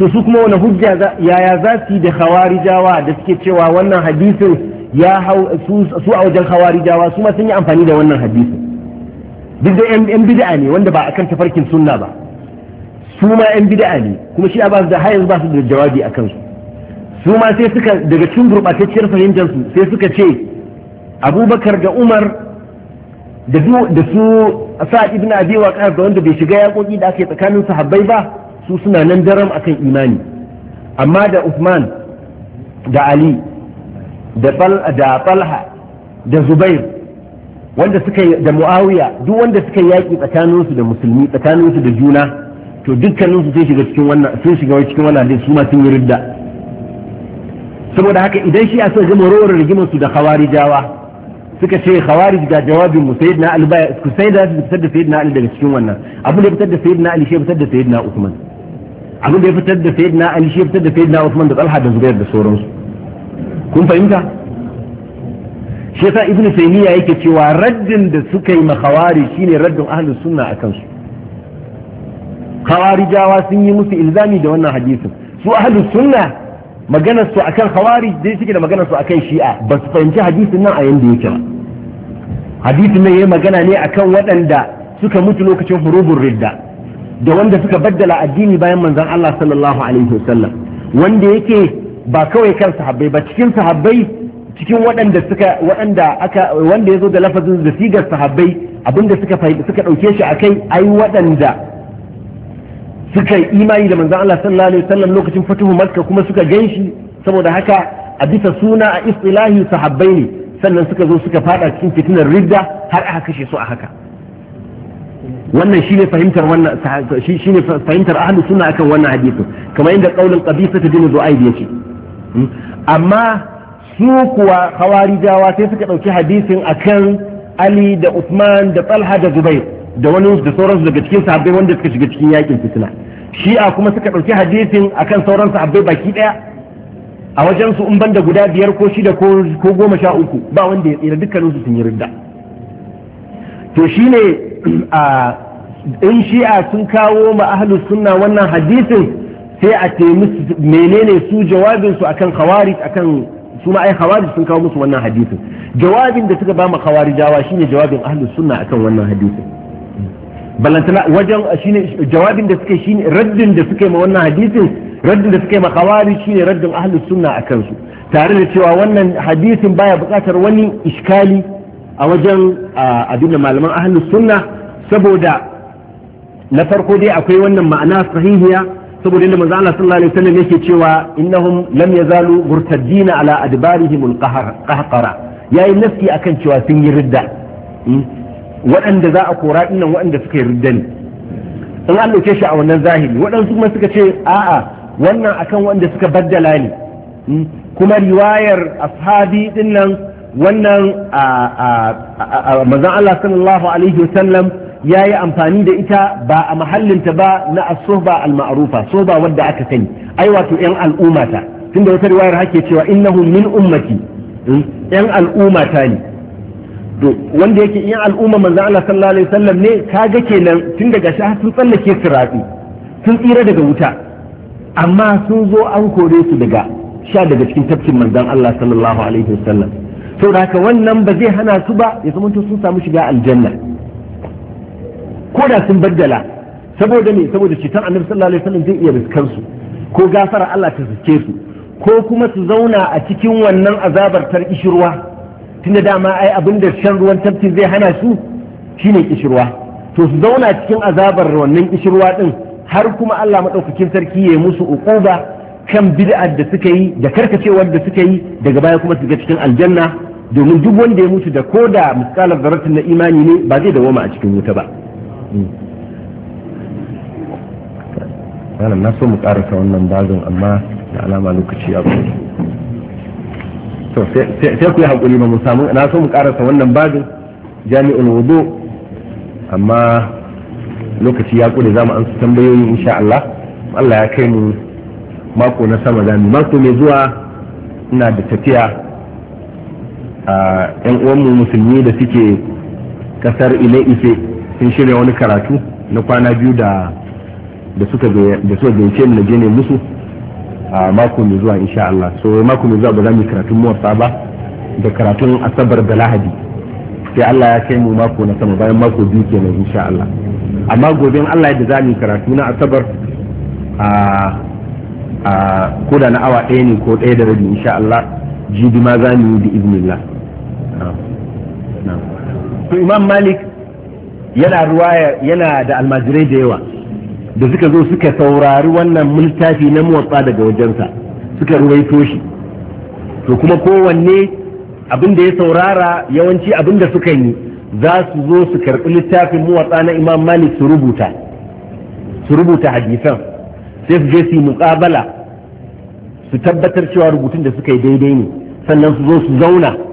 to su kuma wani hujja yaya za su yi da hawarijawa da suke cewa wannan hadisin ya hau su a wajen hawarijawa su ma sun yi amfani da wannan hadisin duk da yan bid'a ne wanda ba akan tafarkin sunna ba su ma yan bid'a ne kuma shi ba su da hayan ba su da jawabi a kansu su ma sai suka daga cikin gurɓatacciyar fahimtar su sai suka ce abubakar da umar da su sa ibn abi waqas da wanda bai shiga yaƙoƙi da ake tsakanin sahabbai ba su suna nan daram akan imani amma da usman da ali da falha da zubair wanda suka da muawiya duk wanda suka yaƙi tsakaninsu da musulmi tsakaninsu da juna to dukkanin su sun shiga cikin wannan sun shiga cikin wannan hadisi su ma sun yi ridda saboda haka idan shi a so gama rawar rigimar su da khawarijawa suka ce khawarij ga jawabin mu sayyidina ali ba sai da su fitar da sayyidina ali daga cikin wannan abin da ya fitar da sayyidina ali shi fitar da sayyidina usman abin da ya fitar da sayyidina ali shi fitar da sayyidina usman da talha da zubair da sauransu kun fahimta shi yasa ibnu taymiya yake cewa raddin da suka yi ma khawarij shine raddin ahlus sunna akan su khawarijawa sun yi musu ilzami da wannan hadisin su ahlus sunna maganar su akan khawarij dai suke da maganar su akan shi'a ba su fahimci hadisin nan a yanda yake ba hadisin nan yayi magana ne akan waɗanda suka mutu lokacin hurubun ridda da wanda suka baddala addini bayan manzon Allah sallallahu alaihi wasallam wanda yake ba kawai kan sahabbai ba cikin sahabbai cikin waɗanda suka waɗanda aka wanda zo da lafazin da sigar sahabbai abinda suka suka ɗauke shi akai ai waɗanda suka yi imani da manzon Allah sallallahu alaihi wasallam lokacin fatuhu makka kuma suka ganshi saboda haka a bisa suna a istilahi sahabbai ne sannan suka zo suka fada cikin fitinar ridda har aka kashe su a haka wannan shine fahimtar wannan shine fahimtar ahlus sunna akan wannan hadisin kamar inda qaulin qabisa ta dinu zu'aib yace amma su kuwa hawarijawa sai suka dauki hadisin akan ali da usman da talha da zubair da wani da sauransu daga cikin sahabbai wanda suka shiga cikin yakin fitina shi'a kuma suka ɗauki hadisin akan sauran sahabbai baki ɗaya a wajen su umban da guda biyar ko shida ko goma sha uku ba wanda ya tsira dukkanin su sun yi ridda to shine a in shi'a sun kawo ma ahlus sunna wannan hadisin sai a taimi menene su jawabinsu akan khawarij akan su ma ai khawarij sun kawo musu wannan hadisin jawabin da suka ba mu khawarijawa shine jawabin ahlus sunna akan wannan hadisin balantana wajen eh, shine jawabin da suke shine raddin da suke ma wannan hadisin raddin da suke ma khawari shine raddin ahlus sunna akan su tare da cewa wannan hadisin baya buƙatar wani iskali a wajen abin da malaman ahlus sunna saboda na farko dai akwai wannan ma'ana sahihiya saboda inda manzo Allah sallallahu alaihi wasallam yake cewa innahum lam yazalu murtaddina ala adbarihim alqahqara yayi nafsi akan cewa sun yi ridda waɗanda za a kora dinnan waɗanda suka yi ridda ne in an dauke shi a wannan zahiri waɗansu kuma suka ce a'a wannan akan waɗanda suka baddala ne kuma riwayar ashabi nan, wannan manzo Allah sallallahu alaihi wasallam ya yi amfani da ita ba a mahallinta ba na as al-ma'rufa soba wadda aka sani ai wato yan al'umma ta tunda wata riwayar hake cewa innahum min ummati hmm? yan al'umma ta ne to wanda yake yan al'umma manzo Allah sallallahu alaihi wasallam ne kaga kenan tun daga shi sun tsallake sirati sun tsira daga wuta amma sun zo an kore su daga sha daga cikin tafkin manzon Allah sallallahu alaihi wasallam to haka wannan ba zai hana su ba ya zama sun samu shiga aljanna ko da sun baddala saboda ne saboda cutar annabi sallallahu alaihi wasallam zai iya riskar su ko gafara Allah ta zuke su ko kuma su zauna a cikin wannan azabar tar kishirwa tunda dama ai abin da shan ruwan tafki zai hana su shine kishirwa to su zauna cikin azabar wannan kishirwa din har kuma Allah madaukakin sarki ya musu uquba kan bid'ar da suka yi da karkacewar da suka yi daga baya kuma su ga cikin aljanna domin duk wanda ya mutu da koda misalar zarratin na imani ne ba zai dawoma a cikin wuta ba na so mu karasa wannan bazin amma da alama lokaci ya gudu to sai ku yi hakuri ba mu samu na so mu karasa wannan bazin jami'ul wudu amma lokaci ya kudu za mu an su tambayoyi insha Allah Allah ya kai mu mako na sama zamu mako mai zuwa ina da tafiya a yan uwanmu musulmi da suke kasar ile ife sun shirya wani karatu na kwana biyu da da suka gayyace mu je ne musu a mako mai zuwa insha Allah so mako mai zuwa ba za mu karatun wasa ba da karatun asabar da lahadi sai Allah ya kai mu mako na sama bayan mako biyu kenan insha Allah amma gobe in Allah da za mu karatu na asabar a a da na awa ɗaya ne ko ɗaya da rabi insha Allah jibi ma za mu yi bi iznillah to imam malik yana ruwa yana da almajirai da yawa da suka zo suka saurari wannan multafi na motsa daga wajensa suka ruwaito shi to kuma kowanne abin da ya saurara yawanci abin da suka yi za su zo su karɓi littafin muwatsa na imam malik su rubuta su rubuta hadisan sai su je su muƙabala su tabbatar cewa rubutun da suka yi daidai ne sannan su zo su zauna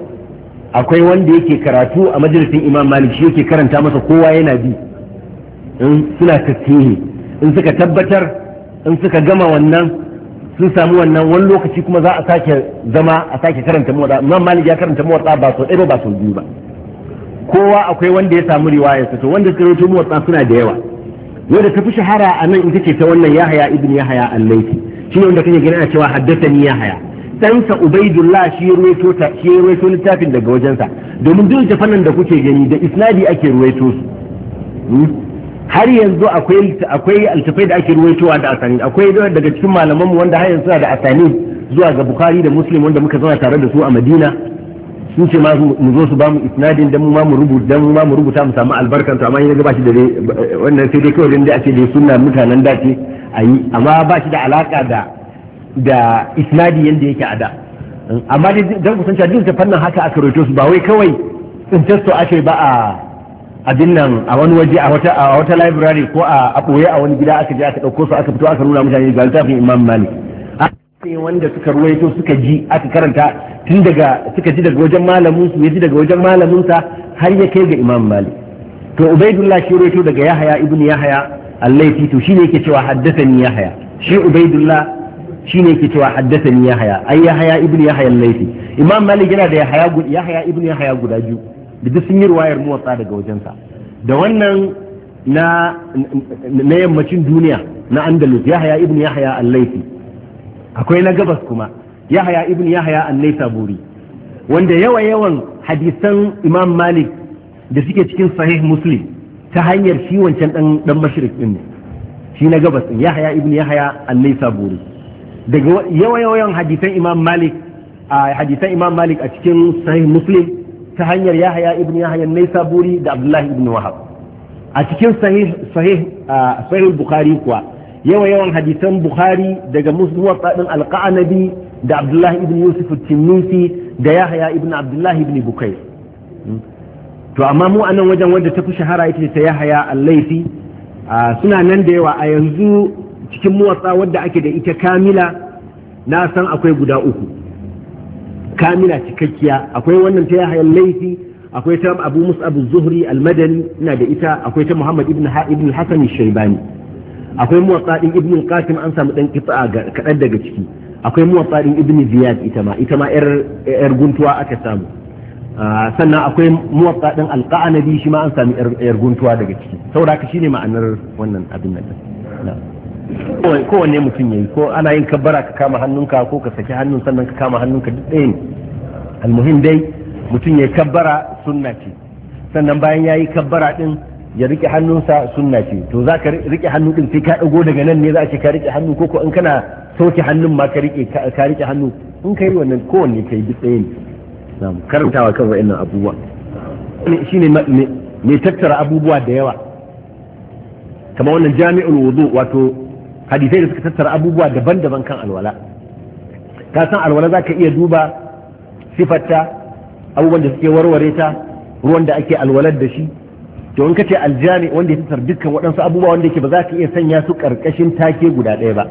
akwai wanda yake karatu a majalisin imam malik shi yake karanta masa kowa yana bi in suna tasiri in suka tabbatar in suka gama wannan sun samu wannan wani lokaci kuma za a sake zama a sake karanta mu imam malik ya karanta wata ba sau ɗaya ba sau biyu ba kowa akwai wanda ya samu riwaya sa to wanda suka rawaito wata suna da yawa wadda ta fi shahara a nan ita ce ta wannan yahaya ibn yahaya al-laifi shi ne wanda kake gani a cewa haddathani yahaya ɗansa ubaidullah shi ruwaito ta shi ruwaito littafin daga wajensa domin duk jafanan da kuke gani da isnadi ake ruwaito su hmm? har yanzu akwai akwai altafai da ake ruwaitowa da asani akwai daga cikin malamanmu wanda har yanzu da asani zuwa ga bukhari da muslim wanda muka zauna tare da su a madina sun ce ma mu zo su ba mu isnadin dan mu ma mu rubuta dan mu ma mu rubuta mu samu albarkan amma yanzu ba shi da wannan sai dai kawai dai ake da dai sunna mutanen da ce ayi amma ba shi da alaka da da isnadi yanda yake a da amma dai dan kusan cewa duk fannin haka aka roto su ba wai kawai in tsintasto ake ba a abin nan a wani waje a wata a wata library ko a a boye a wani gida aka je aka dauko su aka fito aka nuna mutane ga littafin Imam Malik sai wanda suka ruwaito suka ji aka karanta tun daga suka ji daga wajen malamin su ya ji daga wajen malamin sa har ya kai ga Imam Malik to Ubaidullah shi ruwaito daga Yahaya ibn Yahaya Allah ya fito shine yake cewa haddathani Yahaya shi Ubaidullah shine yake cewa haddathani yahya ai yahya ibnu yahya al-laythi imam malik yana da yahya yahya ibnu yahya guda biyu da duk sun yi ruwayar muwatta daga wajensa da wannan na na yammacin duniya na andalus yahya ibnu yahya al-laythi akwai na gabas kuma yahya ibnu yahya al naisaburi wanda yawa yawan hadisan imam malik da suke cikin sahih muslim ta hanyar shi wancan dan dan mashrik din ne shi na gabas yahya ibnu yahya al naisaburi daga yawan hadisan imam malik a hadisan imam malik a cikin sahih muslim ta hanyar yahaya ibn yahaya Buri da abdullahi ibn wahab a cikin sahih sahih sahih bukhari kuwa yawayawan hadisan bukhari daga muslim din alqanabi da abdullahi ibn yusuf at da yahaya ibn abdullahi ibn Bukai. to amma mu anan wajen wanda ta fi shahara ita ta yahaya al suna nan da yawa a yanzu cikin muwatsa wadda ake da ita kamila na san akwai guda uku kamila cikakkiya akwai wannan ta yahya laifi akwai ta abu musu abu zuhri al-madani ina da ita akwai ta muhammad ibn ibn hasan shaibani akwai muwatsa din ibn al-qasim an samu dan kitsa kadan daga ciki akwai muwatsa din ibn ziyad ita ma ita ma yar guntuwa aka samu ah, sannan akwai muwatsa din al shi ma an samu yar guntuwa daga ciki saboda haka shine ma'anar wannan abin nan kowanne mutum yayi ko ana yin kabbara ka kama hannunka ko ka saki hannun sannan ka kama hannunka duk ɗaya ne almuhim dai mutum yayi kabbara sunna ce sannan bayan yayi kabbara din ya rike hannunsa sunna ce to za ka rike hannu din sai ka dago daga nan ne za a ce ka rike hannu ko ko in kana soke hannun ma ka rike ka rike hannu in kai wannan kowanne kai duk ɗaya ne karantawa kan wa'annan abubuwa shine ne tattara abubuwa da yawa kamar wannan jami'ul wudu wato hadisai da suka tattara abubuwa daban-daban kan alwala ka san alwala za ka iya duba sifarta abubuwan da suke warware ta ruwan da ake alwalar da shi to in ka ce aljami wanda ya tattara dukkan waɗansu abubuwa wanda yake ba za ka iya sanya su ƙarƙashin take guda ɗaya ba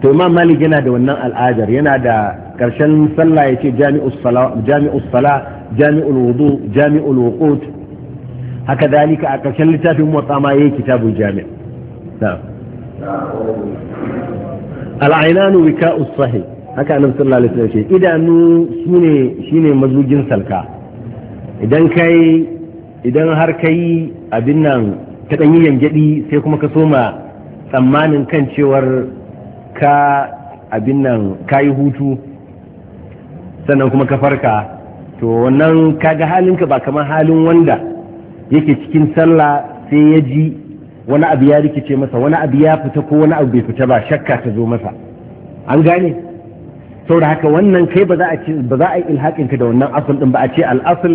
to imam malik yana da wannan al'adar yana da ƙarshen sallah ya ce jami'us sala jami'ul wudu jami'ul wuqut haka dalika a ƙarshen littafin muwatta ma yayi kitabul jami' na'am al'ainanu wika usahi haka annabi sallallahu alaihi wasallam ce idanu shine shine mazugin salka idan kai idan har kai abin nan ka dan sai kuma ka soma tsammanin kan cewar ka abin nan ka yi hutu sannan kuma ka farka to wannan ga halinka ba kamar halin wanda yake cikin sallah sai ya ji wani abu ya rikice masa wani abu ya fita ko wani abu bai fita ba shakka ta zo masa an gane saboda haka wannan kai ba za a ce ba za a yi ilhakin ka da wannan asal din ba a ce al-asl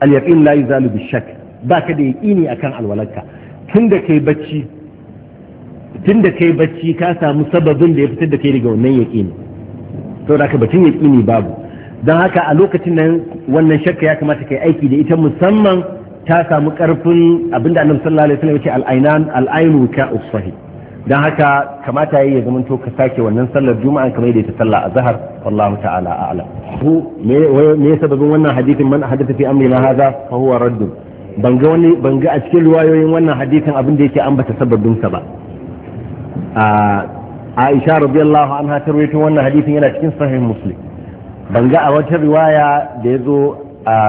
al-yaqin la yuzalu bi-shakk ba ka da yaqini akan alwalarka tunda kai bacci tunda kai bacci ka samu sababin da ya fitar da kai daga wannan yaqini saboda haka batun yaqini babu don haka a lokacin nan wannan shakka ya kamata kai aiki da ita musamman ta samu karfin abinda annabi sallallahu alaihi wasallam yake al-ainan al-ainu ka usahi dan haka kamata yayi ya zamanto ka sake wannan sallar juma'a kamar yadda ita sallah azhar wallahu ta'ala a'lam me ya sababin wannan hadisin man hadatha fi amrina hadha fa huwa radd ban ga wani ban ga a cikin riwayoyin wannan hadisin abin da yake ambata sababin sa ba Aisha radiyallahu anha ta rawaito wannan hadisin yana cikin sahih Muslim ban ga a wata riwaya da yazo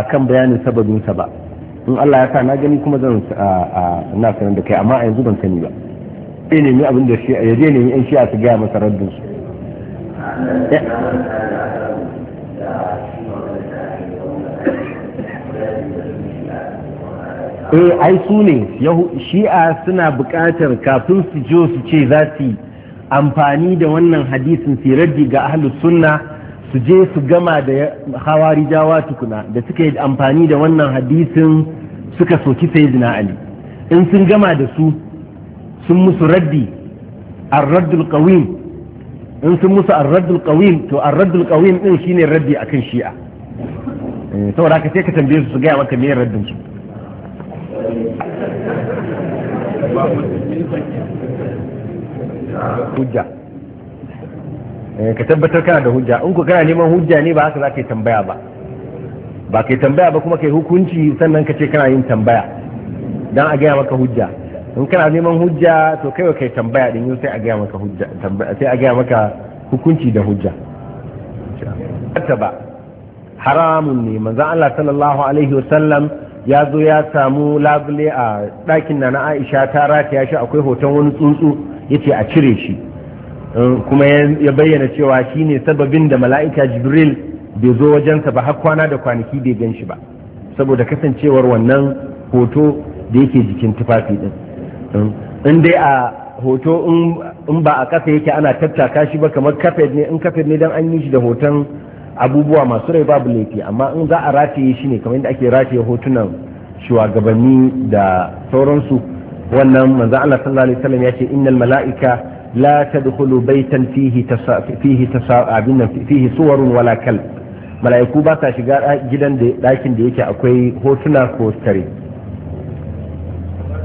kan bayanin sababin sa ba in Allah ya sa na gani kuma zan na sanar da kai amma a yanzu ban sani ba sai nemi abin da shi ya je nemi yan shi'a su gaya masa raddin su eh, eh ai su ne shi'a suna buƙatar kafin su jo su ce za su amfani da wannan hadisin su raddi ga ahlus sunna su je su gama da hawari jawa tukuna da suka yi amfani da wannan hadisin suka soki sayyidina ali in sun gama da su sun musu raddi ar-raddul qawim in sun musu ar-raddul qawim to ar-raddul qawim din shine raddi akan shi'a eh, saboda haka sai ka tambaye su su gaya maka me raddin su hujja eh, ka tabbatar kana da hujja in ku kana neman hujja ne ba haka za ka yi tambaya ba ba kai tambaya ba kuma kai hukunci sannan ka ce kana yin tambaya dan a gaya maka hujja in kana neman hujja to kai kai tambaya din yau sai a gaya maka hukunci da hujja ba haramun ne manzo Allah sallallahu alaihi wasallam ya zo ya samu labule a ɗakin na Aisha ta ya shi akwai hoton wani tsuntsu yace a cire shi kuma ya bayyana cewa shine sababin da mala'ika Jibril bai zo wajensa ba har kwana da kwanaki bai gan shi ba saboda kasancewar wannan hoto da yake jikin tufafi din in dai a hoto in ba a kasa yake ana tattaka shi ba kamar kafet ne in kafet ne dan an yi shi da hoton abubuwa masu rai babu laifi amma in za a rataye shi ne kamar yadda ake rataye hotunan shugabanni da sauransu wannan manzo Allah sallallahu alaihi wasallam ya ce innal mala'ika la tadkhulu baytan fihi fihi abin fihi suwarun wala kalb mala'iku ba sa shiga gidan dakin da yake akwai hotuna ko stare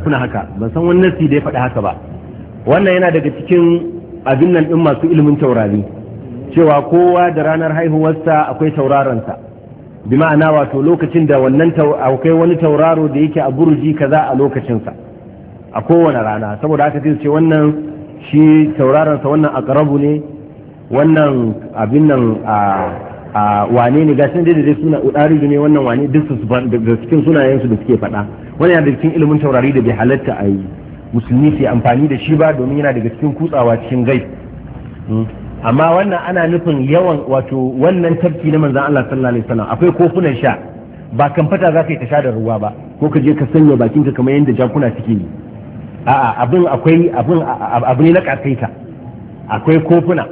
kuna haka ban san wani nasi da ya faɗi haka ba wannan yana daga cikin abin nan ɗin masu ilimin taurari cewa kowa da ranar haihuwarsa akwai tauraronsa bi ma'ana wato lokacin da wannan akwai wani tauraro da yake a burji kaza a lokacinsa a kowane rana saboda haka sai ce wannan shi sa wannan a ne wannan abin nan a a wane ne gashi da suna udari ne wannan wane duk su da cikin sunayen su da suke faɗa wani yana da cikin ilimin taurari da bai halatta a yi musulmi su amfani da shi ba domin yana daga cikin kutsawa cikin gai hmm. amma wannan ana nufin yawan wato wannan tafki na manzan Allah sallallahu alaihi wasallam akwai kofunan sha ba fata za ka yi ta sha da ruwa ba ko ka je ka sanya bakinka kamar yadda jakuna suke ne a'a abin akwai abin abu ne na kasaita akwai kofuna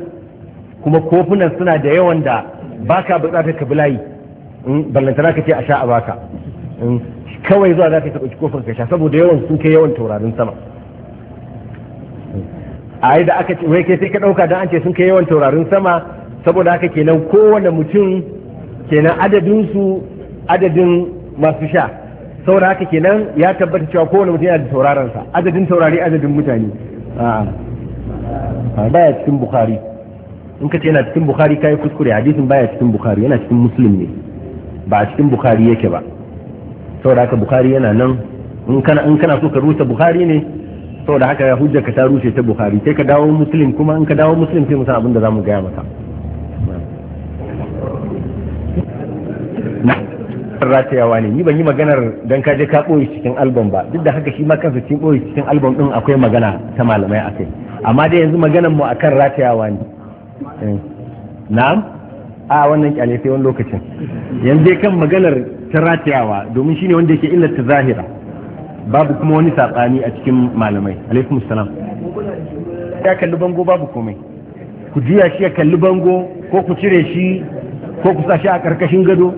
kuma kofunan suna da yawan da ba ka buƙatar ka bulayi mm, ballantana ka ce a sha a baka mm, kawai zuwa za ka taɓa kofar ka sha saboda yawan sun kai yawan taurarin sama mm, a yi da aka ce wai kai sai ka ɗauka don an ce sun kai yawan taurarin sama saboda haka kenan kowane mutum kenan su adadin masu sha saboda haka kenan ya tabbata cewa kowane mutum yana da tauraron sa adadin taurari adadin mutane a baya cikin bukari in ka ce yana cikin bukhari kayi kuskure hadisin baya cikin bukhari yana cikin muslim ne ba a cikin bukhari yake ba saboda haka bukhari yana nan in kana in kana so ka rusa bukhari ne saboda haka hujjar ka ta rushe ta bukhari sai ka dawo muslim kuma in ka dawo muslim sai mu san abin da zamu gaya maka ratayawa ne ni ban yi maganar dan kaje ka ɓoye cikin album ba duk da haka shi ma kansa cikin ɓoye cikin album din akwai magana ta malamai akai amma dai yanzu maganar mu akan ratayawa ne Eh. na'am a wannan kyale sai wani lokacin yanzu kan maganar taratiyawa domin shine wanda yake illar ta zahira babu kuma wani saɓani a cikin malamai alaikum salam ya kalli bango babu komai ku juya shi ya kalli bango ko ku cire shi ko ku sa shi a ƙarƙashin gado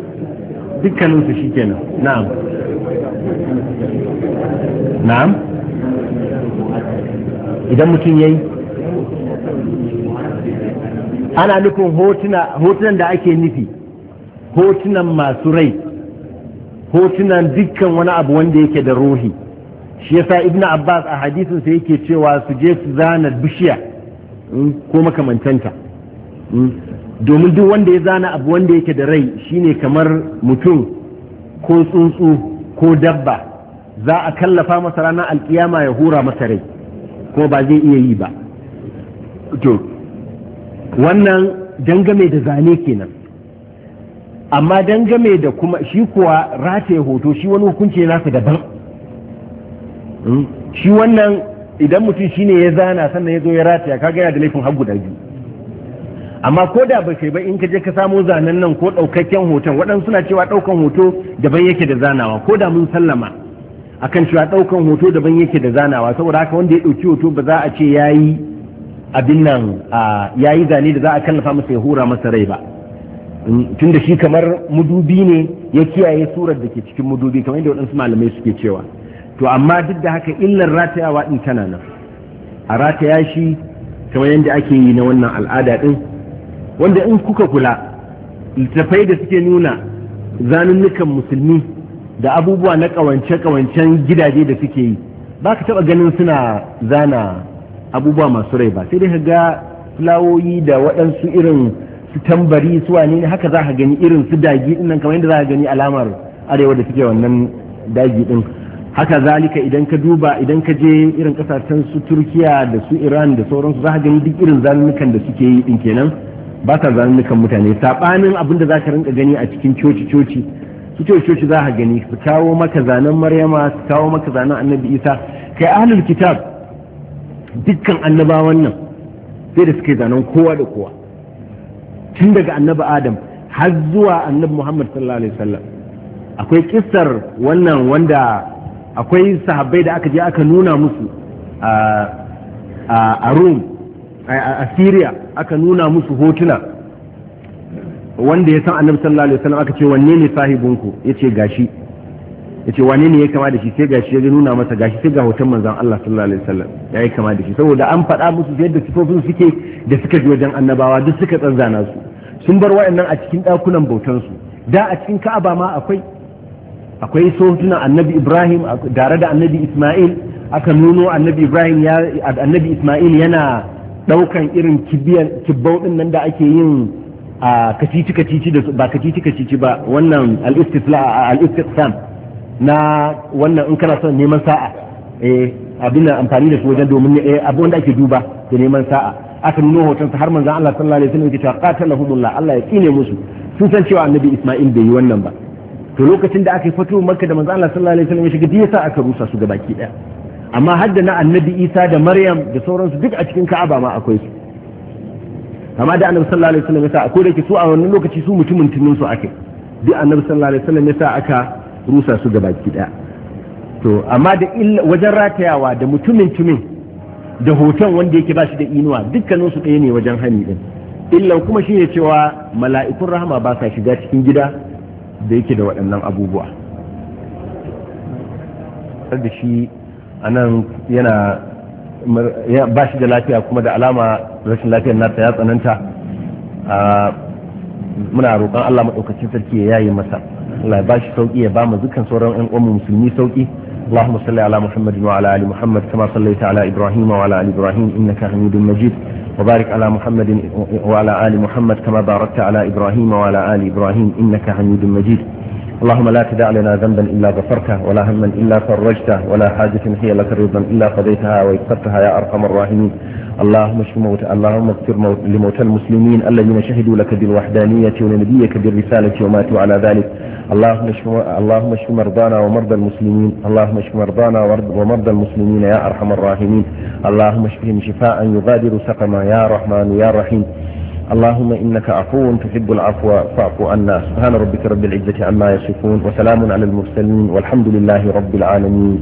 dukkaninsu shi kenan na'am na'am idan mutum ya yi ana nufin hotunan da ake nufi hotunan masu rai hotunan dukkan wani abu wanda yake da ruhi shi yasa Ibn abbas a hadisin sa yake cewa su je su zana bishiya hmm, ko makamantanta hmm. domin duk wanda ya zana abu wanda yake da rai shine kamar mutum ko tsuntsu ko dabba za a kallafa masa ranar alkiyama ya hura masa rai ko ba zai iya yi ba wannan dangame da zane kenan amma dangame da kuma shi kuwa rataye hoto shi wani hukunci ne nasa daban hmm? shi wannan idan mutum shine ya zana sannan ya zo ya rataya ka gaya da laifin har guda biyu amma ko da ba kai ba in ka je ka samo zanen nan ko ɗaukakken hoton waɗansu suna cewa ɗaukan hoto daban yake da zanawa ko da mun sallama akan cewa ɗaukan hoto daban yake da zanawa saboda haka wanda ya ɗauki hoto ba za a ce ya yi abin nan ya yi zane da za a kallafa masa ya hura masa rai ba mm, tun da shi kamar mudubi ne ya kiyaye surar da ke cikin mudubi kamar yadda waɗansu malamai suke cewa to amma duk da haka illar ratayawa ɗin tana nan a rataya shi kamar yadda ake yi na wannan al'ada ɗin wanda in kuka kula littattafai da suke nuna zanunnukan musulmi da abubuwa na ƙawance-ƙawancen gidaje da suke yi ba ka taɓa ganin suna zana abubuwa masu rai ba sai dai ga fulawoyi da waɗansu irin su tambari su wane ne haka za ka gani irin su dagi ɗin nan kamar yadda za ka gani alamar arewa da suke wannan dagi ɗin haka zalika idan ka duba idan ka je irin kasashen su turkiya da su iran da sauransu za ka gani duk irin zanunukan da suke yi din kenan ba ta mutane sabanin abin da za ka rinka gani a cikin coci coci su coci coci za ka gani su kawo maka zanen maryama su kawo maka zanen annabi isa kai ahlul kitab dukkan annaba wannan sai da suke zanen kowa da kowa tun daga annaba adam har zuwa annabi muhammad sallallahu alaihi wasallam akwai kissar wannan wanda akwai sahabbai da aka je aka nuna musu a rum a syria aka nuna musu hotuna wanda ya san annabi sallallahu alaihi wasallam aka ce wanne ne sahibinku ya ce gashi yace wane ne ya kama da shi sai gashi ya nuna masa gashi sai ga hoton manzon Allah sallallahu alaihi wasallam yayi kama da shi saboda an faɗa musu yadda sifofin suke da suka ji wajen annabawa duk suka tsanzana su sun bar wa'annan a cikin ɗakunan bautan su da a cikin Ka'aba ma akwai akwai sohunan annabi Ibrahim dare da annabi Ismail aka nuno annabi Ibrahim ya annabi Ismail yana daukan irin kibiyan kibbau din nan da ake yin a kacici kacici da ba kacici kacici ba wannan al-istisla al na wannan in kana son neman sa'a eh abin da amfani da su wajen domin eh abin da ake duba da neman sa'a aka nuna hoton sa har manzon Allah sallallahu alaihi wasallam yake cewa qatalahumullah Allah ya kine musu sun san cewa annabi Isma'il bai yi wannan ba to lokacin da aka yi fatuwar Makka da manzon Allah sallallahu alaihi wasallam ya shiga diyasa aka rusa su gabaki daya amma har da na annabi Isa da Maryam da sauransu duk a cikin Ka'aba ma akwai su amma da annabi sallallahu alaihi wasallam yasa ko da ke su a wannan lokaci su mutumin tunnin su ake duk annabi sallallahu alaihi wasallam yasa aka rusa su gaba gida to amma da wajen ratayawa da mutumin tumin da hoton wanda yake ba shi da inuwa dukkanin su ɗaya ne wajen hani din illan kuma shi ne cewa mala'ikun rahama ba sa shiga cikin gida da yake da waɗannan abubuwa da shi a yana ba shi da lafiya kuma da alama rashin lafiyar nata ya tsananta muna roƙon allah maɗaukacin sarki ya yi masa Allah ya bashi sauki ya ba mu dukkan sauran ƴan uwan musulmi sauki اللهم صل على محمد وعلى ال محمد كما صليت على ابراهيم وعلى ال ابراهيم انك حميد مجيد وبارك على محمد وعلى ال محمد كما باركت على ابراهيم وعلى ال ابراهيم انك حميد مجيد اللهم لا تدع لنا ذنبا إلا غفرته ولا هما إلا فرجته ولا حاجة هي لك رضا إلا قضيتها ويسرتها يا أرحم الراحمين اللهم اشف موت اللهم اغفر موت لموتى المسلمين الذين شهدوا لك بالوحدانية ولنبيك بالرسالة وماتوا على ذلك اللهم اشف اللهم اشف مرضانا ومرضى المسلمين اللهم اشف مرضانا ومرضى المسلمين يا أرحم الراحمين اللهم اشفهم شفاء يغادر سقما يا رحمن يا رحيم اللهم إنك عفو تحب العفو فاعف عنا سبحان ربك رب العزة عما يصفون وسلام على المرسلين والحمد لله رب العالمين